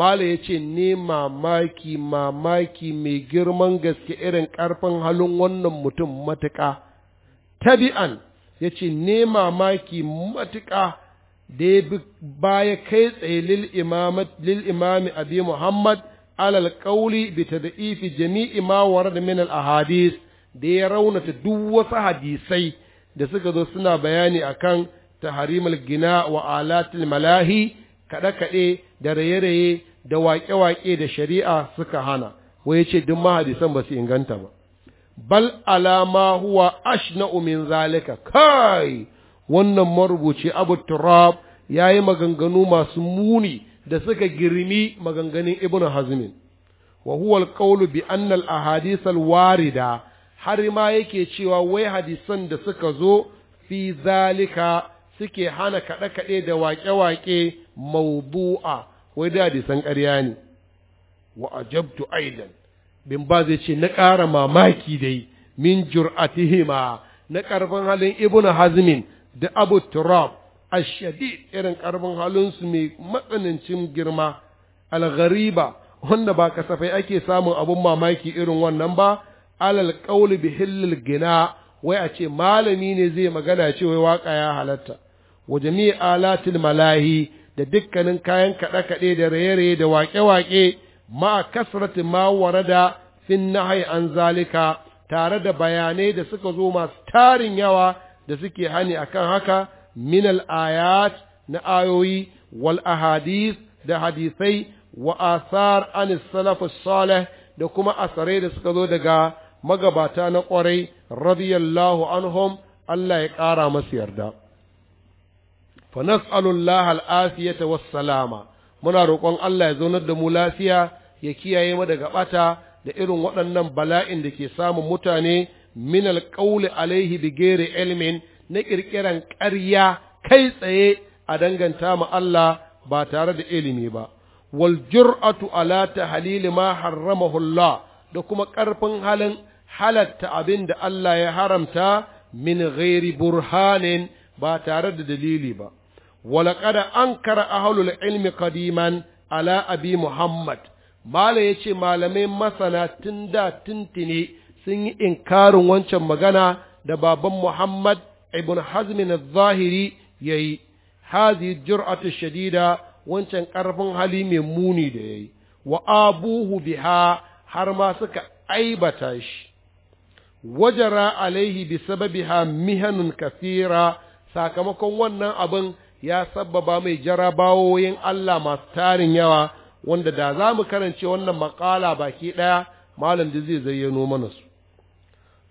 mala yace ne mamaki mamaki mai girman gaske irin karfin halin wannan mutum matuka tabi'an yace ne mamaki matuƙa da ya bi baya kai tsaye lil imami abi muhammad alal qawli bi tad'ifi jami'i ma warada min al ahadith da ya raunata duk wasu hadisai da suka zo suna bayani akan taharimul gina wa alatul malahi kaɗe-kaɗe da raye-raye da waƙe-waƙe da shari'a suka hana wai ce duk mahadisan ba su inganta ba bal alama huwa ashna min zalika kai wannan marubuci abu turab ya yi maganganu masu muni da suka girmi maganganun ibn hazmin wa huwa alqawlu bi anna al ahadith warida har ma yake cewa wai hadisan da suka zo fi zalika suke hana kaɗe-kaɗe da waƙe-waƙe maubu'a wai da hadisan ƙarya ne wa ajabtu aidan bin ba zai ce na ƙara mamaki dai min jur'atihima na ƙarfin halin ibnu hazmin da abu turab ashadid irin ƙarfin halinsu mai matsanancin girma Al-Ghariba, wanda ba kasafai ake samun abun mamaki irin wannan ba alal qawli bi hillil gina wai a ce malami ne zai magana ce wai waka ya halatta wa jami'i alatil malahi da dukkanin kayan kaɗe-kaɗe da raye-raye da waƙe-waƙe ma kasrati ma warada fin nahai an zalika tare da bayanai da suka zo masu tarin yawa da suke hani akan haka minal ayat na ayoyi wal ahadith da hadisai wa asar an salaf salih da kuma asarai da suka zo daga magabata na ƙwarai radiyallahu anhum Allah ya ƙara masu yarda fa nas'alullaha al'afiyata was-salama muna roƙon Allah ya zaunar da mu lafiya ya kiyaye mu daga bata da irin waɗannan bala'in da ke samun mutane min alƙauli alaihi bi ghairi ilmin na ƙirƙiran ƙarya kai tsaye a danganta ma Allah ba tare da ilimi ba wal jur'atu ala tahlil ma harramahu Allah da kuma ƙarfin halin halatta abin da Allah ya haramta min ghairi burhanin ba tare da dalili ba walaƙada an kara ahalul ilmi kadiman ala abi muhammad mala ya ce malamai masana tun da tuntuni sun yi inkarin wancan magana da baban muhammad ibn hazmin zahiri ya yi hazi jur'atu shadida wancan ƙarfin hali mai muni da ya yi wa abuhu biha har ma suka aibata shi wajara alaihi bi sababiha mihanun kasira sakamakon wannan abin ya sabbaba mai jarabawoyin Allah masu tarin yawa wanda da za mu karance wannan makala baki ɗaya malam da zai zayyano mana su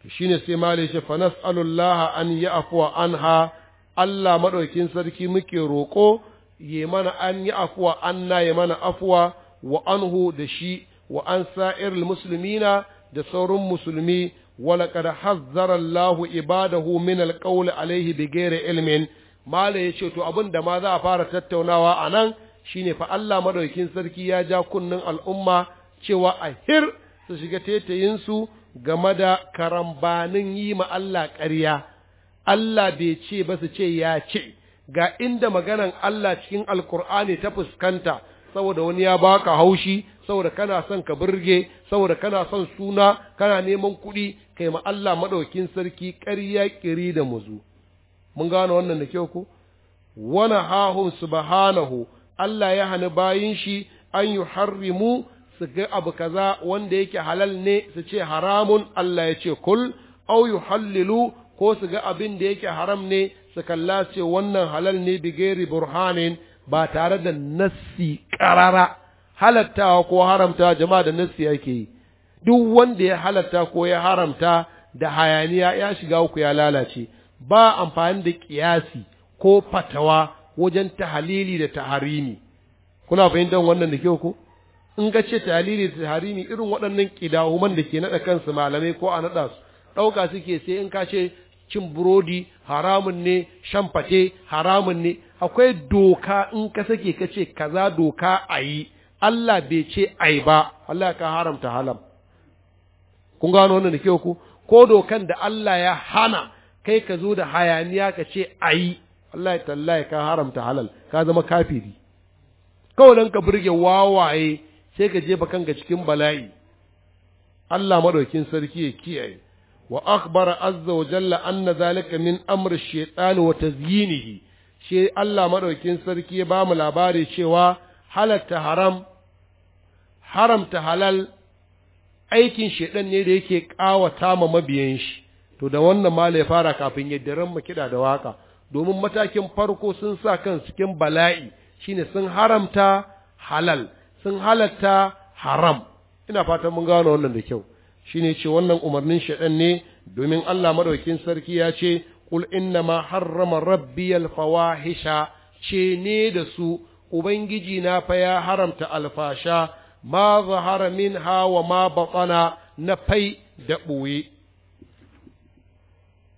to shine sai malai shi fanas an ya'fuwa anha Allah madaukin sarki muke roƙo ya mana an yi afuwa anna ya mana afuwa wa anhu da shi wa an sa'iril muslimina da sauran musulmi kada hazzara Allahu ibadahu min alqawli alayhi bighairi ilmin mala yace to abin da ma za a fara tattaunawa anan shine fa Allah madaukin sarki ya ja kunnin al'umma cewa a hir su shiga tetayin game da karambanin yi ma Allah ƙarya Allah bai ce ba su ce ya ce ga inda maganan Allah cikin alkur'ani ta fuskanta saboda wani ya baka haushi saboda kana son ka burge saboda kana son suna kana neman kuɗi kai ma Allah madaukin sarki ƙarya kiri da muzu mun gano wannan da kyau ko wana hahum subhanahu Allah ya hani bayin shi an yi harrimu su ga abu kaza wanda yake halal ne su ce haramun Allah ya ce kul au yi hallilu ko su ga abin da yake haram ne su kalla ce wannan halal ne bigeri burhanin ba tare da nassi ƙarara halattawa ko haramta jama'a da nassi yake yi duk wanda ya halatta ko ya haramta da hayaniya ya shiga ku ya lalace ba amfani da kiyasi ko fatawa wajen tahalili da taharimi kuna fahimtar wannan da kyau ko in ka ce tahalili da taharimi irin waɗannan kidahuman da ke naɗa kansu malamai ko a naɗa su ɗauka suke sai in ka ce cin burodi haramun ne shan fate haramun ne akwai doka in ka sake ka ce kaza doka a yi Allah bai ce ai ba Allah ka haramta halam kun gano wannan da kyau ku ko dokan da Allah ya hana kai ka zo da hayaniya ka ce ai Allah tallahi ka haramta halal ka zama kafiri kawai dan ka burge wawaye sai ka jefa kanka cikin bala'i Allah madaukin sarki ya kiyaye wa akhbara azza wa jalla anna zalika min amri shaytan wa tazyinihi shi Allah madaukin sarki ya ba mu labari cewa halatta haram haramta halal aikin shedan ne da yake ƙawata ma mabiyan shi to da wannan mala ya fara kafin ya ran mu kiɗa da waka domin matakin farko sun sa kan cikin bala'i shine sun haramta halal sun halatta haram ina fatan mun gano wannan da kyau shine ce wannan umarnin shedan ne domin Allah madaukin sarki ya ce kul inna ma harrama rabbiyal fawahisha ce ne da su ubangiji na fa ya haramta alfasha ma zahara minha wa ma batsana na fai da ɓoye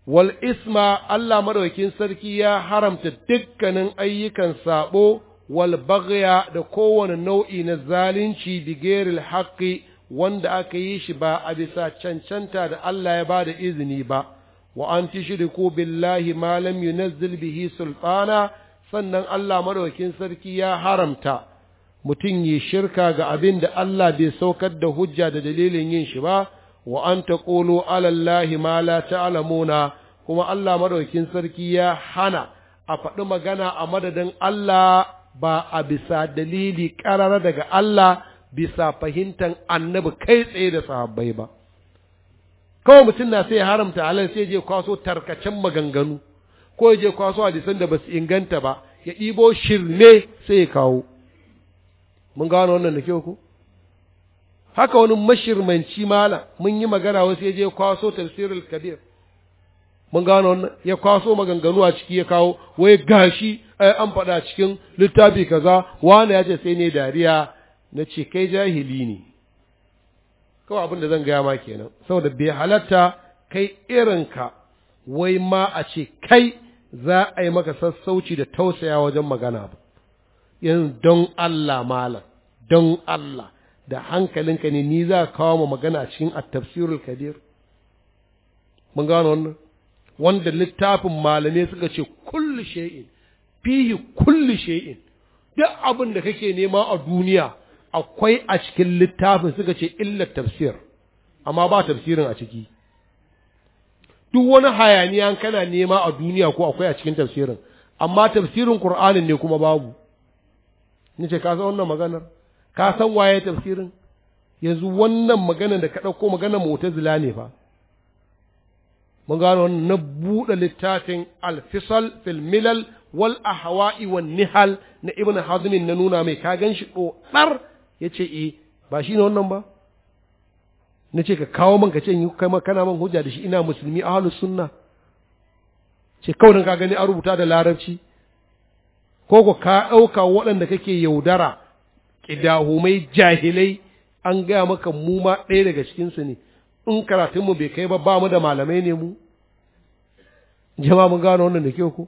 wal isma Allah Maɗaukin sarki ya haramta dukkanin ayyukan saɓo, wal da kowane nau'i na zalunci bigeril haqqi wanda aka yi shi ba a bisa cancanta da Allah ya ba da izini ba wa an tushriku billahi ma lam yunazzil bihi sultana sannan Allah madaukin sarki ya haramta mutum yi shirka ga abin da Allah bai saukar da hujja da dalilin yin shi ba wa an ta ƙolo alallahi ma la alamuna kuma Allah madaukin sarki ya hana a faɗi magana a madadin Allah ba a bisa dalili ƙarara daga Allah bisa fahimtar annabi kai tsaye da sahabbai ba kawai mutum na sai haramta halal sai je kwaso tarkacen maganganu ko ya je kwaso a da ba su inganta ba ya ɗibo shirme sai ya kawo mun gano wannan da kyau ko haka wani mashirmanci mala mun yi magana wasu ya je kwaso tafsirul kabir mun gano wannan ya kwaso maganganu a ciki ya kawo wai gashi ai an faɗa cikin littafi kaza wani ya ce sai ne dariya na ce kai jahili ne kawai abin da zan gaya ma kenan saboda bai halatta kai irin ka wai ma a ce kai za a yi maka sassauci da tausaya wajen magana ba yanzu don Allah malam don Allah da hankalinka ne ni za kawo ma magana cikin at-tafsirul kadir mun gano wannan wanda littafin malamai suka ce kullu shay'in fihi kullu shay'in duk abin da kake nema a duniya akwai a cikin littafin suka ce illa tafsir amma ba tafsirin a ciki duk wani hayaniya kana nema a duniya ko akwai a cikin tafsirin amma tafsirin qur'anin ne kuma babu Ni ce ka san wannan maganar ka san waye tafsirin yanzu wannan maganar da ka ɗauko maganar mu'tazila ne fa mun gano wannan na buɗe littafin alfisal fil milal wal ahwa'i wan nihal na ibnu hazmin na nuna mai ka ganshi dar yace eh ba shine wannan ba na ce ka kawo man ka ce in kai ma kana man hujja da shi ina musulmi ahlus sunna ce kawai ka gani an rubuta da larabci ko ko ka ɗauka waɗanda kake yaudara ƙidahumai jahilai an gaya maka mu ma ɗaya daga cikinsu ne in karatunmu bai kai ba ba mu da malamai ne mu jama'a mun gano wannan da ke ku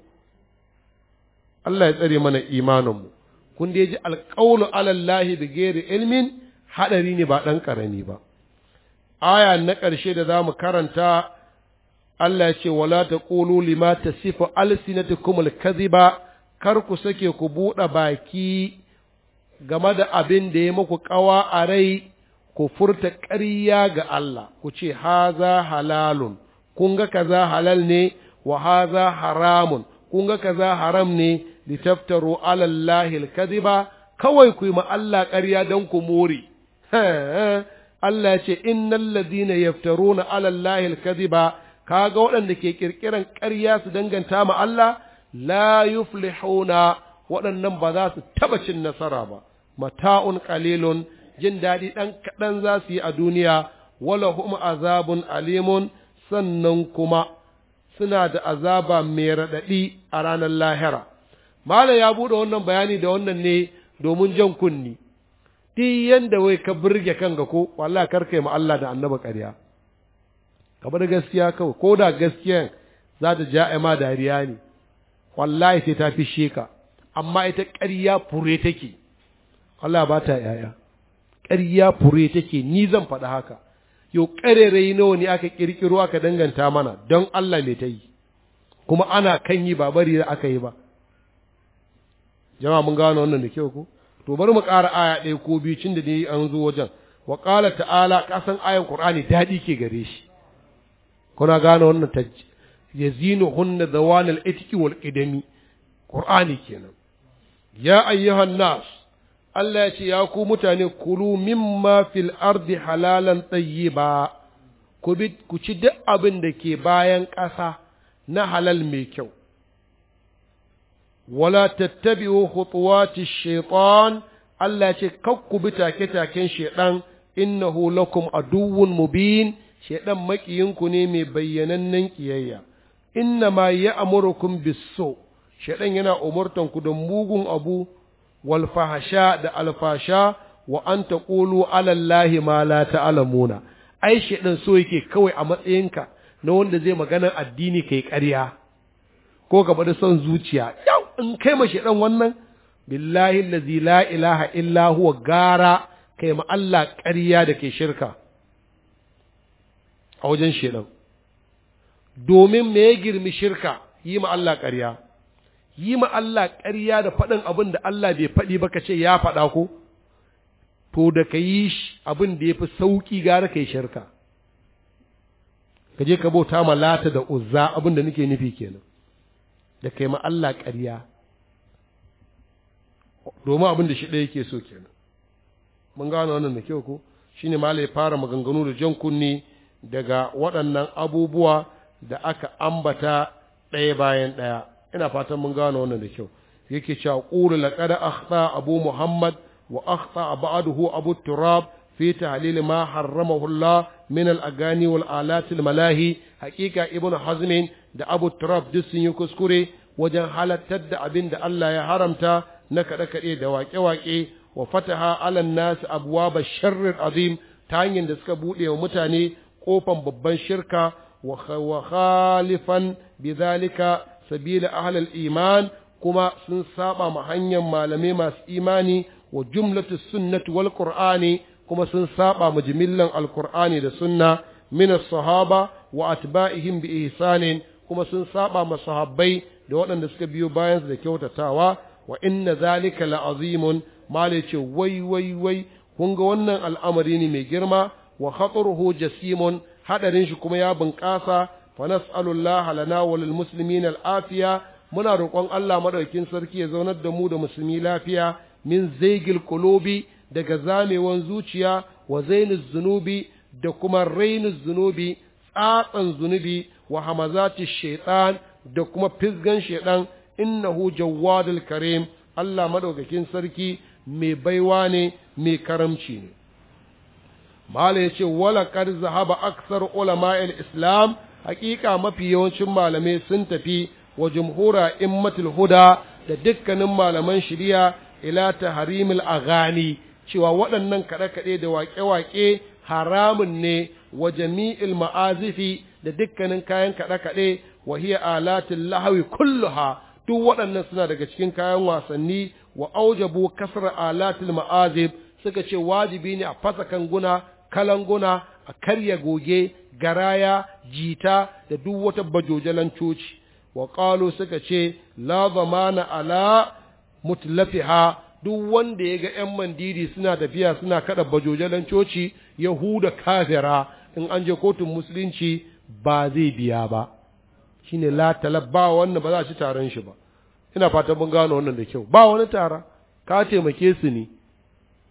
Allah ya tsare mana imaninmu kun da ya ji alƙawlu alallahi bi ghairi ilmin haɗari ne ba ɗan ƙarami ba aya na ƙarshe da za mu karanta Allah ya ce wala taqulu lima tasifu alsinatukum alkaziba kar ku sake ku buɗe baki game da abin da ya muku ƙawa a rai ku furta ƙarya ga Allah ku ce haza halalun kun ga kaza halal ne wa haza haramun kun ga kaza haram ne litaftaru alallahi alkadiba kawai ku yi ma Allah ƙarya don ku more Allah ce innal ladina yaftaruna alallahi Ka kaga waɗanda ke ƙirƙirar ƙarya su danganta ma Allah la yuflihuna waɗannan ba za su taɓa cin nasara ba mata'un qalilun jin daɗi ɗan kaɗan za su yi a duniya walahum azabun alimun sannan kuma suna da azaba mai raɗaɗi a ranar lahira malam ya buɗe wannan bayani da wannan ne domin jan kunni duk yanda wai ka burge kanka ko wallahi karka yi Allah da annaba ƙarya bar gaskiya kawai ko da gaskiyan za ta ja'ima dariya ne wallahi sai ta fi sheka amma ita ƙarya fure take Allah ba ta yaya ƙarya fure take ni zan faɗi haka yau ƙarerai nawa ne aka ƙirƙiro aka danganta mana don Allah me ta yi kuma ana kan yi ba bari da aka yi ba jama'a mun gano wannan da kyau ko to bari mu ƙara aya ɗaya ko biyu cin da an zo wajen wa ƙala ta'ala kasan ayan ƙur'ani daɗi ke gare shi kuna gano wannan yazinuhunna zawanal itqi wal qidami qur'ani kenan ya ayyuhan nas Allah ya ce ya ku mutane kulu mimma fil ardi halalan tayyiba ku bi ku ci duk abin da ke bayan ƙasa na halal mai kyau wala tattabi'u khutuwati shaitan Allah ce kakku bi take-taken shaidan innahu lakum aduwwun mubin shaidan makiyinku ne mai bayyanannen kiyayya inna ma ya amurukum bisso shaidan yana umurtan ku da mugun abu wal da alfasha wa an ta ƙulu alallahi ma la ta'lamuna ai shaidan so yake kawai a matsayinka na wanda zai magana addini kai ƙarya ko gaba da son zuciya yau in kai ma shaɗan wannan billahi allazi la ilaha illa huwa gara kai ma Allah ƙarya da ke shirka a wajen shaidan domin me ya girmi shirka yi ma Allah ƙarya yi ma Allah ƙarya da faɗin abin da Allah bai faɗi ba ka ce ya faɗa ko to da ka yi abin da ya fi sauƙi gara ka yi shirka ka je ka bauta ma lata da uzza abin da nake nufi kenan da ka yi ma Allah ƙarya domin abin da shi ɗaya yake so kenan mun gano wannan da kyau ko shine malai fara maganganu da jan kunni daga waɗannan abubuwa da aka ambata ɗaya bayan ɗaya ina fatan mun gano wannan da kyau yake cewa qulu laqad akhta abu muhammad wa akhta ba'dahu abu turab fi tahlil ma harramahu allah min al agani wal alat al malahi haqiqa ibnu hazm da abu turab duk sun yi kuskure wajen halattar da abin da Allah ya haramta na kaɗe-kaɗe da waƙe-waƙe wa fataha alan nasu abuwa ba sharrin azim ta hanyar da suka buɗe wa mutane ƙofan babban shirka وخالفا بذلك سبيل أهل الإيمان كما سنسابا محنيا ما لميماس إيماني وجملة السنة والقرآن كما سنسابا مجملا القرآن للسنة من الصحابة وأتباعهم بإحسان كما سنسابا مصحابي دوانا نسكبيو باينز لكيوتا تاوا وإن ذلك لعظيم ما ليش وي وي وي kun ga wannan al'amari ne mai girma wa khataruhu jasimun hadarin shi kuma ya bunƙasa fa nas'alullah lana wa lil muslimin afiya muna roƙon Allah madaukin sarki ya zaunar da mu da musulmi lafiya min zaygil qulubi daga zamewan zuciya wa zainuz zunubi da kuma rainuz zunubi tsatsan zunubi wa hamazati shaytan da kuma fisgan shaytan innahu jawwadul karim Allah madaukakin sarki mai baiwa ne mai karamci ne mala yace wala qad zahaba aksar ulama islam hakika mafi yawancin malamai sun tafi wa jumhura immatul huda da dukkanin malaman shari'a ila tahrimil aghani cewa waɗannan kaɗe-kaɗe da waƙe-waƙe haramun ne wa jami'il ma'azifi da dukkanin kayan kaɗe-kaɗe wa hiya alatin lahawi kulluha duk waɗannan suna daga cikin kayan wasanni wa aujabu kasar alatil ma'azib suka ce wajibi ne a fasa kanguna kalanguna a karya goge garaya jita da duk wata bajojalan coci wa ƙalo suka ce la zamana ala mutlafiha duk wanda ya ga ‘yan mandiri suna tafiya suna kada bajojalan coci yahuda kafira in an je kotun musulunci ba zai biya ba shine la talabba wannan ba za a ci taron shi ba ina fata mun gano wannan da kyau ba wani tara ka taimake su ne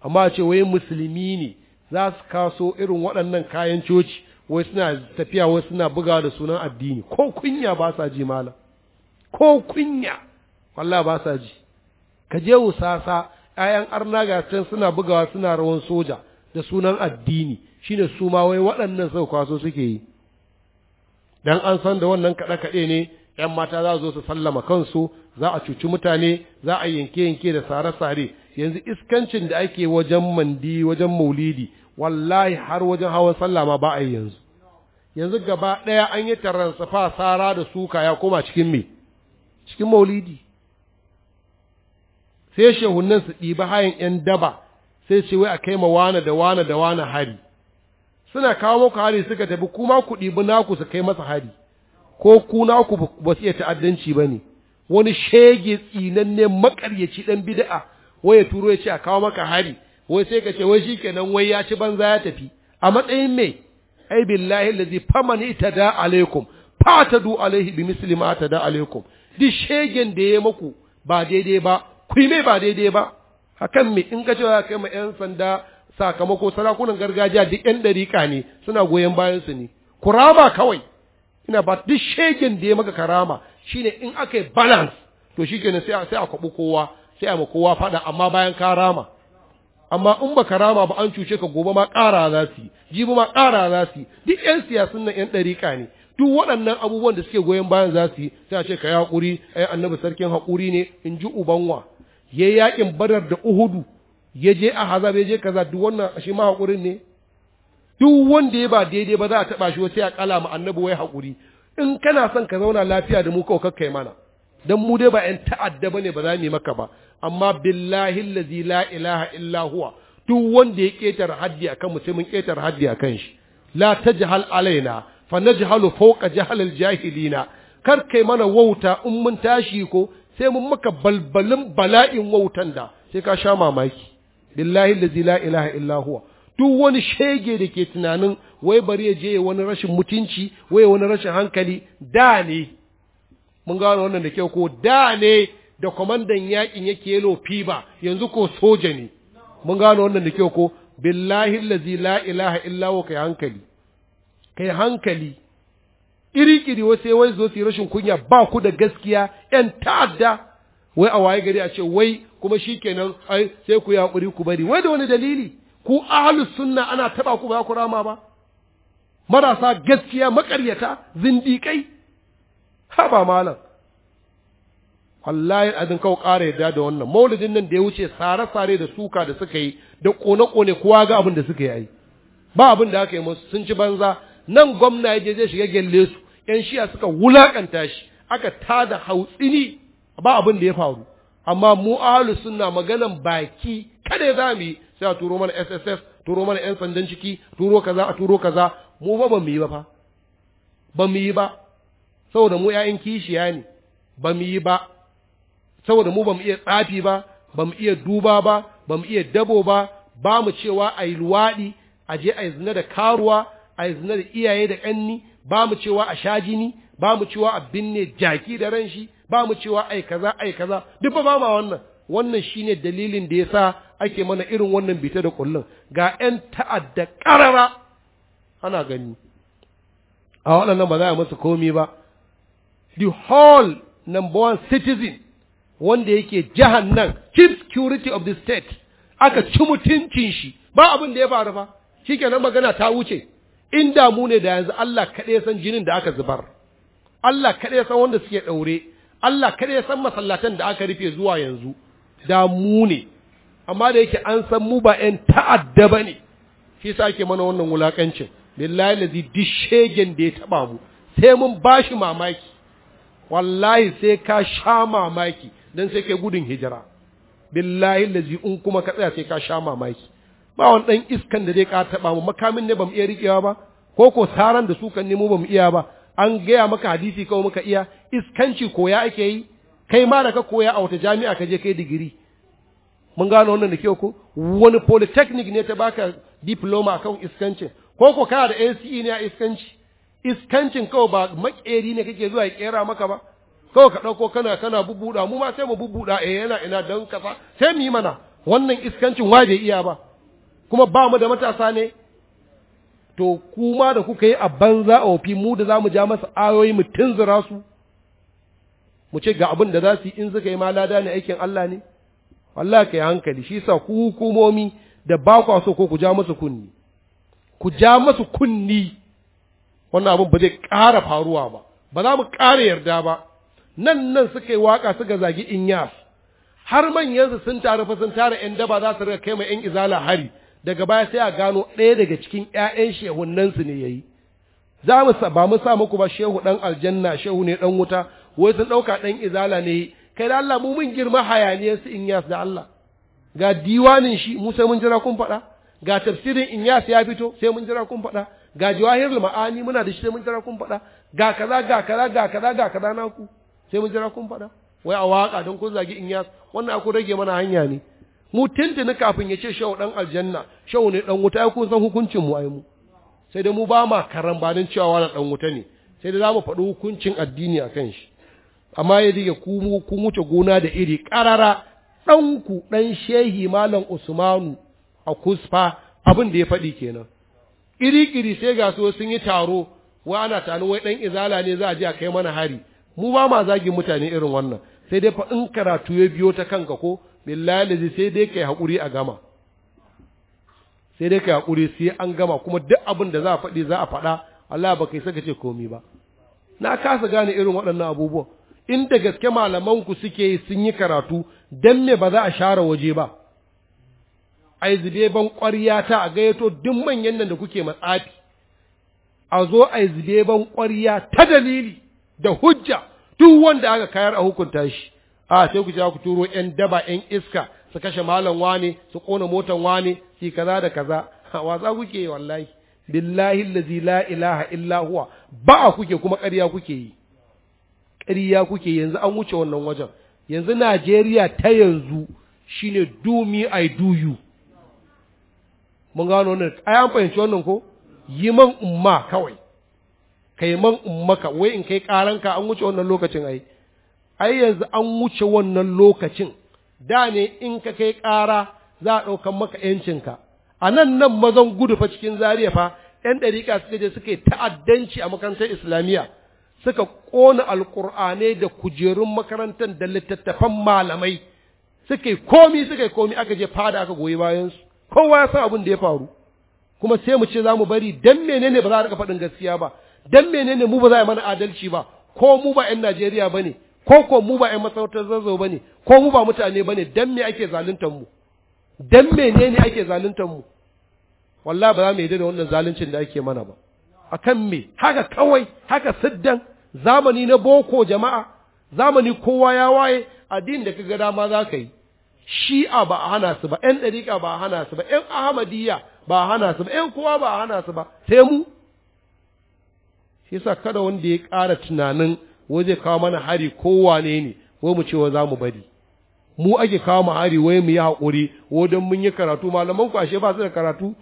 amma ce wai musulmi ne za su kaso irin waɗannan kayan coci wai suna tafiya wai suna buga da sunan addini ko kunya ba sa ji malam ko kunya wallahi ba sa ji ka je wusasa ayan arna ga can suna bugawa suna rawan soja da sunan addini shine su ma wai waɗannan sau kaso suke yi dan an san da wannan kaɗe kaɗe ne ‘yan mata za su zo su sallama kansu za a cuci mutane za a yanke yanke da sare sare yanzu iskancin da ake wajen mandi wajen maulidi wallahi har wajen hawan sallah ma ba a yi yanzu yanzu gaba ɗaya an yi taransafa sara da suka ya koma cikin me cikin maulidi sai shehunan su ɗiba hayan ‘yan daba sai ce wai a kai ma wane da wane da wane hari suna kawo muku hari suka tafi kuma ku ɗibi naku su kai masa hari ko ku naku ba su iya ta'addanci ba ne wani shege tsinanne makaryaci ɗan bida'a wai ya turo ya ce a kawo maka hari wai sai ka ce wai shi nan wai ya ci banza ya tafi a matsayin me ai billahi allazi faman itada alaikum fatadu alaihi bi misli ma da alaikum duk shegen da ya maku ba daidai ba ku yi mai ba daidai ba hakan me in ka ce ya kai ma yan sanda sakamako sarakunan gargajiya duk yan dariƙa ne suna goyon bayan su ne ku rama kawai ina ba duk shegen da ya maka karama shine in aka yi balance to shikenan sai sai a kwabi kowa sai a ma kowa faɗa amma bayan ka rama amma in baka rama ba an cuce ka gobe ma ƙara za su yi jibi ma ƙara za su yi duk yan siyasun nan yan ɗariƙa ne duk waɗannan abubuwan da suke goyon bayan za su yi sai a ce ka yi haƙuri ai annabi sarkin haƙuri ne in ji ubanwa ya yi yaƙin badar da uhudu ya je a haza ya je kaza duk wannan shi ma haƙurin ne duk wanda ya ba daidai ba za a taɓa shi sai a ƙala ma annabi wai haƙuri in kana son ka zauna lafiya da mu kawai kakkai mana dan mu dai ba 'yan ta'adda bane ba za mu yi maka ba amma billahi allazi la ilaha illa huwa duk wanda ya ƙetar haddi akan mutumin ketar haddi a kan shi la tajhal alaina fa najhalu fawqa jahili jahilina kar kai mana wauta in mun tashi ko sai mun maka balbalin bala'in wautan da sai ka sha mamaki billahi allazi la ilaha illa huwa duk wani shege da ke tunanin wai bari ya je wani rashin mutunci wai wani rashin hankali da ne mun gano wannan da kyau ko da ne da kwamandan yakin yake yelo fiba yanzu ko soja ne mun gano wannan da kyau ko billahi allazi la ilaha illa wa kai hankali kai hankali kirikiri iri wasu wai zo su rashin kunya ba ku da gaskiya ‘yan ta'adda wai a waye gari a ce wai kuma shi kenan ai sai ku yaƙuri ku bari wai da wani dalili ku ahlu sunna ana taɓa ku ba ku rama ba marasa gaskiya makaryata zindiƙai ha ba malam wallahi azin kawo ƙara yadda da wannan maulidin nan da ya wuce sare-sare da suka da suka yi da ƙone-ƙone kowa ga abin da suka yi ba abin da aka yi musu sun ci banza nan gwamna ya je zai shiga gelle su yan shiya suka wulakanta shi aka ta da hautsini ba abin da ya faru amma mu ahalu sunna maganan baki kada ya zamu yi sai a turo mana SSS turo mana yan sandan ciki turo kaza a turo kaza mu ba ba mu yi ba fa ba mu yi ba saboda mu ƴaƴan kishiya ne ba mu yi ba saboda mu bamu iya tsafi ba bamu iya duba ba bamu iya dabo ba ba mu cewa a yi luwaɗi a je a yi zina da karuwa a yi zina da iyaye da ƙanni ba mu cewa a sha jini ba mu cewa a binne jaki da ran shi ba mu cewa ai kaza ai kaza duk ba ma wannan wannan shine dalilin da yasa ake mana irin wannan bita da kullun ga ƴan ta'adda ƙarara ana gani a waɗannan ba za a musu komi ba the whole number one citizen wanda yake jahannan chief security of the state aka ci mutuncin shi ba abin da ya faru ba shi shikenan magana ta wuce in damu ne da yanzu Allah kaɗai san jinin da aka zubar Allah kaɗai san wanda suke ɗaure Allah kaɗai san masallatan da aka rufe zuwa yanzu damu ne amma da yake an san mu ba yan ta'adda ba ne shi sa ake mana wannan wulaƙancin lillahi lazi duk shegen da ya taɓa mu sai mun bashi mamaki wallahi sai ka sha mamaki dan sai kai gudun hijira billahi lazi in kuma ka tsaya sai ka sha mamaki ba wani dan iskan da zai ka taba mu makamin ne bamu iya rikewa ba ko ko saran da su kan nemo bamu iya ba an gaya maka hadisi kawai muka iya iskanci koya ake yi kai ma da ka koya a wata jami'a ka je kai digiri mun gano wannan da kyau ko wani polytechnic ne ta baka diploma akan iskanci? ko ko kana da ACE ne a iskanci iskancin kawai ba makeri ne kake zuwa ya kera maka ba kawai ka ɗauko kana kana bubbuɗa mu ma sai mu bubbuɗa eh yana ina dan kasa sai mu yi mana wannan iskancin wa bai iya ba kuma ba mu da matasa ne to kuma da kuka yi a banza a wafi mu da za mu ja masa ayoyi mu tunzura su mu ce ga abin da za su yi in suka yi ma lada ne aikin Allah ne Allah ka yi hankali shi sa ku hukumomi da ba ku so ko ku ja masu kunni ku ja masu kunni wannan abin ba zai ƙara faruwa ba ba za mu ƙara yarda ba nan nan suka yi waka suka zagi inyas har manyansu sun taru fa sun tara yan daba za su riga kai ma yan izala hari daga baya sai a gano ɗaya daga cikin ƴaƴan su ne yayi za mu ba mu sa muku ba shehu dan aljanna shehu ne dan wuta wai sun ɗauka ɗan izala ne kai da Allah mu mun girma hayaniyar su inyas da Allah ga diwanin shi mu sai mun jira kun faɗa ga tafsirin inyas ya fito sai mun jira kun faɗa ga jawahirul ma'ani muna da shi sai mun jira kun faɗa ga kaza ga kaza ga kaza ga kaza naku sai mun jira kun faɗa wai a waka don kun zagi in ya wannan aku rage mana hanya ne mu tuntuni kafin ya ce shawo dan aljanna shawo ne dan wuta kun san hukuncin mu ai mu sai da mu ba ma nan cewa wani dan wuta ne sai da zamu faɗi hukuncin addini akan shi amma ya dige ku mu kun wuce gona da iri karara dan ku dan shehi malam Usmanu a kusfa abin da ya faɗi kenan iri kiri sai ga so sun yi taro wai ana tani wai dan izala ne za a je a kai mana hari mu ba ma zagin mutane irin wannan sai dai fa in karatu ya biyo ta kanka ko billahi sai dai kai hakuri a gama sai dai kai hakuri sai an gama kuma duk abin da za a faɗi za a faɗa Allah ba kai saka ce komi ba na kasa gane irin waɗannan abubuwa. in da gaske malaman ku suke sun yi karatu dan me ba za a share waje ba ai zube ban ƙwarya ta a gayyato duk manyan nan da kuke matsafi a zo a zube ban ƙwarya ta dalili da hujja duk wanda aka kayar a hukunta shi a sai ku je ku turo yan daba yan iska su kashe malam wani su kona motan wani su kaza da kaza wasa kuke wallahi billahi allazi la ilaha illa huwa ba kuke kuma ƙarya kuke yi ƙarya kuke yanzu an wuce wannan wajen yanzu Najeriya ta yanzu shine do me I do you mun gano ne ai an fahimci wannan ko yi man umma kawai kai man in wai in kai karanka an wuce wannan lokacin ai ai yanzu an wuce wannan lokacin da ne in ka kai kara za a ɗaukan maka yancinka a nan nan mazan gudu fa cikin zariya fa ‘yan ɗarika suka je suka ta'addanci a makarantar islamiyya suka ƙona alƙur'anai da kujerun makarantar da littattafan malamai suka komi suka yi komi aka je fada aka goyi bayansu kowa ya san abin da ya faru kuma sai mu ce za mu bari dan menene ba za a rika faɗin gaskiya ba dan menene mu ba za a yi mana adalci ba ko mu ba 'yan Najeriya ba ne ko ko mu ba 'yan masarautar zazzau ba ne ko mu ba mutane ba ne dan me ake zaluntar mu dan menene ake zaluntar mu wallahi ba za mu yi da wannan zaluncin da ake mana ba akan me haka kawai haka siddan zamani na boko jama'a zamani kowa ya waye addini da kaga dama za ka yi shi'a ba a hana su ba 'yan ɗariƙa ba a hana su ba 'yan ahmadiyya ba a hana su ba 'yan kowa ba a hana su ba sai mu shi yasa kada wanda ya ƙara tunanin wai zai kawo mana hari ko wane ne wai mu cewa za mu bari mu ake kawo mu hari wai mu yi haƙuri ko don mun yi karatu malaman ku ashe ba su da karatu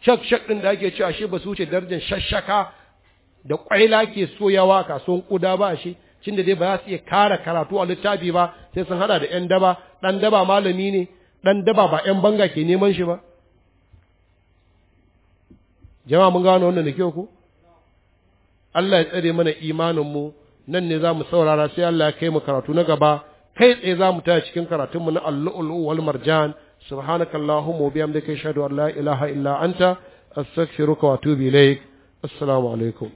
shak shak ɗin da ake cewa ashe ba su wuce darajar shashaka da kwaila ke soyawa kasuwan kuda ba ashe cin da dai ba za su iya kara karatu a littafi ba sai sun haɗa da yan daba dan daba malami ne dan daba ba yan banga ke neman shi ba jama'a mun gano wannan da kyau ko Allah ya tsare mana imaninmu nan ne za mu saurara sai Allah ya kai mu karatu na gaba kai tsaye za mu taya cikin karatunmu na allu'ulu wal marjan subhanakallahumma wa bihamdika ashhadu an la ilaha illa anta astaghfiruka wa atubu ilaik assalamu alaikum